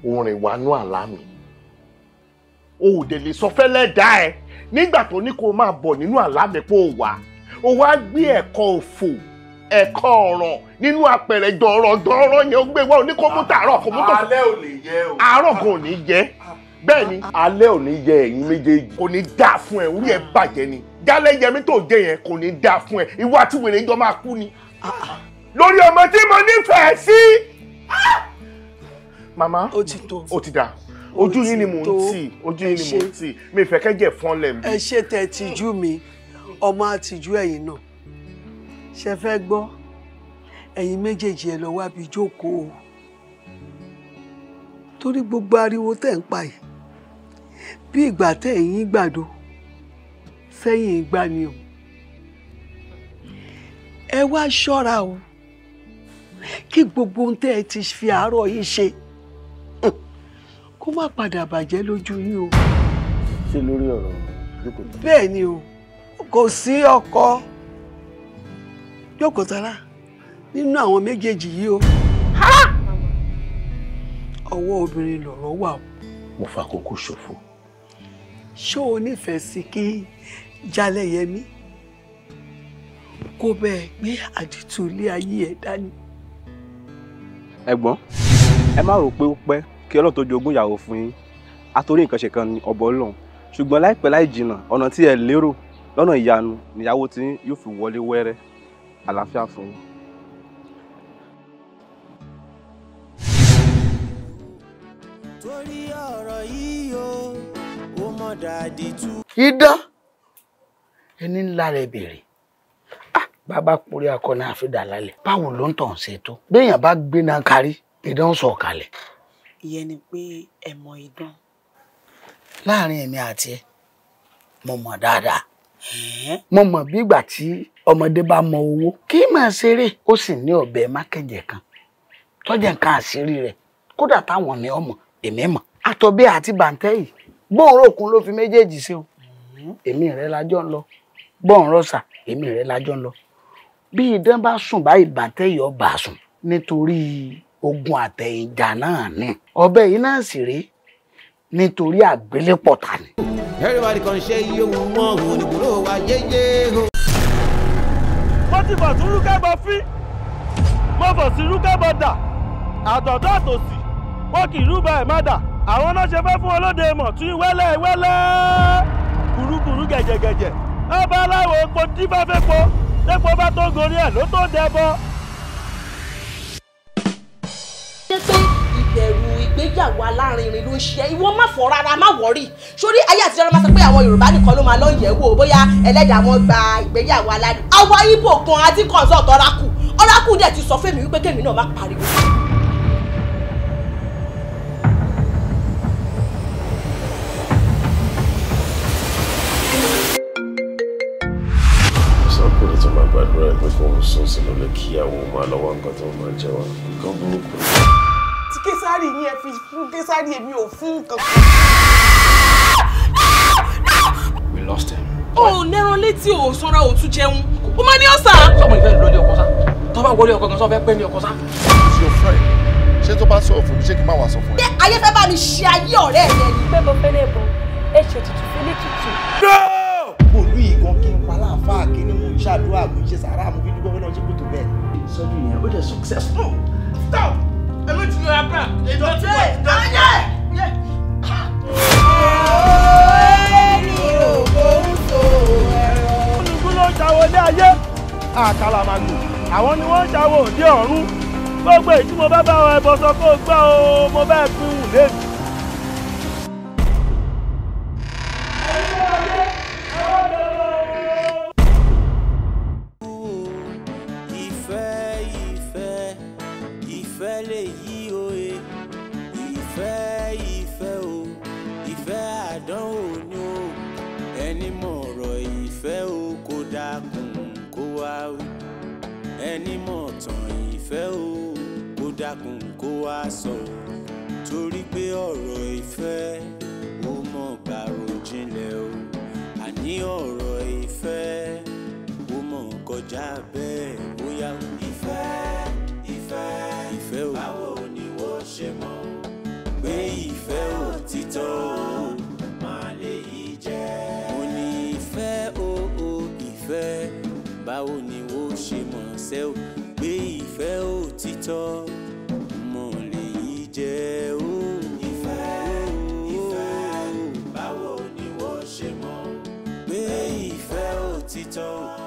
o rìn wá nú àlá mi o ò dè lè sọ fẹ́lẹ́ dá ẹ nígbà tó ní kó o máa bọ̀ nínú àlá mi pé o wà o wá gbé ẹ̀kọ́ òfò ẹ̀kọ́ ọ̀ràn nínú apẹ̀rẹ̀ dọ̀rọ̀ dọ̀rọ̀ yẹn o gbé wá o ní kó mú tààrọ̀ kó mú tó alẹ́ ò ní yẹ o àárọ̀ kò ní yẹ bẹ́ẹ̀ ni alẹ́ ò ní yẹ ẹ̀yin méjèèjì kò ní dáa fún ẹ orí ẹ bàjẹ́ ni jálẹ̀ yẹmi tó jẹ yẹn kò ní dáa fún ẹ ìwà àti wèrè jọ máa kú ni ah, ah. lórí ọmọ tí mo nífẹ̀ẹ́ sí màmá ó ti tó ó ti dà ojú yín ni mò ń tì ojú yín ni mò ń tì mi ìfẹ́ kẹ́jẹ̀ fọ́n lẹ̀ mi. ẹ ṣe tẹ tìjú mi ọmọ àtìjú ẹ̀yin náà ṣe fẹ́ gbọ́ ẹ̀yin méjèèjì ẹ lọ wábi jókòó torí gbogbo ariwo tẹ̀ ń pa yìí bí ìgbà tẹ̀ yín gbàdo sẹ́yìn ìgbà ni o ẹ wá ṣọ́ra o kí gbogbo ohun tẹ́ ẹ ti fi àárọ̀ yìí ṣe kó má padà bàjẹ́ lójú yín o. ṣé lórí ọ̀rọ̀ jókòó. bẹ́ẹ̀ ni o kò sí ọkọ jókòó tara nínú àwọn méjèèjì yìí o. ọwọ́ obìnrin lọ̀rọ̀ wà o. mo fàkókò ṣòfò. ṣé o nífẹ̀ẹ́ sí kí Jalẹ́yẹmí kó bẹ́ẹ̀ gbé àdìtú ilé ayé ẹ̀ dání. ẹ̀gbọ́n ẹ má rò pé ó pẹ́ kí ọlọ́run tó jogún ìyàwó fún yín àtòrí nǹkan ṣe kan ní ọ̀bọ ọlọ́run ṣùgbọ́n láìpẹ́ láì jìnnà ọ̀nà tí ẹ lérò lọ́nà ìyanu níyàwó tí yóò fi wọlé wẹ́rẹ́ àlàáfíà fún yín. torí ọ̀rọ̀ yìí o ó mọ̀ dàdí tú. idán ẹni ńlá rẹ bèrè ah, bàbá kúrẹ akọni àfidà lálẹ́ báwo ló ń tàn ṣe tó béèyàn bá gbéná kárí ìdán sọ̀ ìyẹn ni pé ẹ mọ idán. láàrin èmi àti ẹ mo mọ dáadáa mo mọ bí ìgbà tí ọmọdé bá mọ owó kì í máa ṣeré ó sì ní ọ̀bẹ mákẹjẹ kan tọjẹ nǹkan àṣírí rẹ̀ kódà táwọn mi ọmọ èmi mọ àtọbí àti bàǹtẹ yìí bóòrò òkun ló fi méjèèjì ṣe o èmi rẹ lájọ ń lọ bọ́ọ̀rọ̀sà èmi rẹ lájọ ń lọ bí idán bá sùn báyìí bàǹtẹ yìí ọba sùn nítorí ogun àtẹ̀yìnjà náà ni ọbẹ̀ yìí náà sì rí nítorí àgbélépọ̀ ta ni. everybody kan ṣe iye ohun wọn òun ni kúrò wá yéyé o. wọ́n ti bọ̀ sí rúkẹ́bọ fín wọ́n bọ̀ sí rúkẹ́bọ dà àtọ̀dọ́ àtòsí wọn kì í rúbọ ẹ̀ má dà àwọn náà ṣe fẹ́ fún ọlọ́dẹ mọ̀ tún wẹ́lẹ́ wẹ́lẹ́ kùrùkùrù gẹ̀jẹ̀gẹ̀jẹ̀ ọba aláwọ̀ epo dífẹ́fẹ́ po lẹ́pọ̀ bá tó gorí ẹ̀ ló tó dẹ bọ́ ṣé pé ìbẹ̀rù ìgbéyàwó alárinrin ló ń ṣe ìwọ má fọ rárá má wọrí sórí ayé àtijọ́ ló máa sọ pé àwọn yorùbá nìkan ló máa lọ yẹ̀ wò bóyá ẹlẹ́dà wọn gba ìgbéyàwó alárinrin àwa ibo gan àti consult ọ̀rákù ọ̀rákù dẹ̀ ti sọ fẹ́mi wípé kémi náà má pariwo. gbàdúrà ẹ pé kó ń sún sínú lè kíyàwó máa lọ́wọ́ nǹkan tó máa jẹ wá nǹkan burúkú sálárì yín ẹ fi fún dé sálárì èmi ò fún kankan. we lost him. o nẹran létí o sanra o tún jẹun o máa ní ọ̀sà. sọmọ ìfẹ́ lórí ọkọ sá tó bá wọlé ọkọ gan sọ fẹ́ pẹ́ ní ọkọ sá. ṣé o fẹ́ ṣé tó bá sọ òfin ṣé kí n má wàá sọ fún ẹ. ayé fẹ́ bá mi ṣe ayé ọ̀rẹ́ rẹ ni. pé mo fẹ́lẹ̀ bọ ẹ ṣètùtù fẹ́lẹ̀ tutù. olú ìgan kí n pa láàfáà kí ni mo ṣàdúrà mo ṣe sàrà mo fi dúpẹ́ náà ṣe kó tó bẹ́ẹ̀. sọ́jú ìyẹn ó jẹ́ successful. stop èmi ti yọra bra èmi ti wọ ìdọ́tí. jáwọlé ayé àkàlàmàgbò àwọn ni wọ́n jáwọ́ òde ọ̀run gbogbo ìtumọ̀ bá bá ọ ẹbọ sọ pé ó gbọ́ ọ mo bẹ́ẹ̀ pín un lébi. dákun kó wá sọ torí pé ọ̀rọ̀ ìfẹ́ ó mọ̀ gbàrò jinlẹ̀ o àní ọ̀rọ̀ ìfẹ́ ó mọ̀ kọjá bẹ́ẹ̀ bóyá. ìfẹ́ ìfẹ́ ìfẹ́ o báwo ni wọ́n ṣe mọ̀ pé ìfẹ́ òtítọ́ o máa lè yí jẹ́. mo ní ìfẹ́ o o ìfẹ́ báwo ni wọ́n ṣe mọ̀ sẹ́wọ̀n pé ìfẹ́ òtítọ́. tiptoe.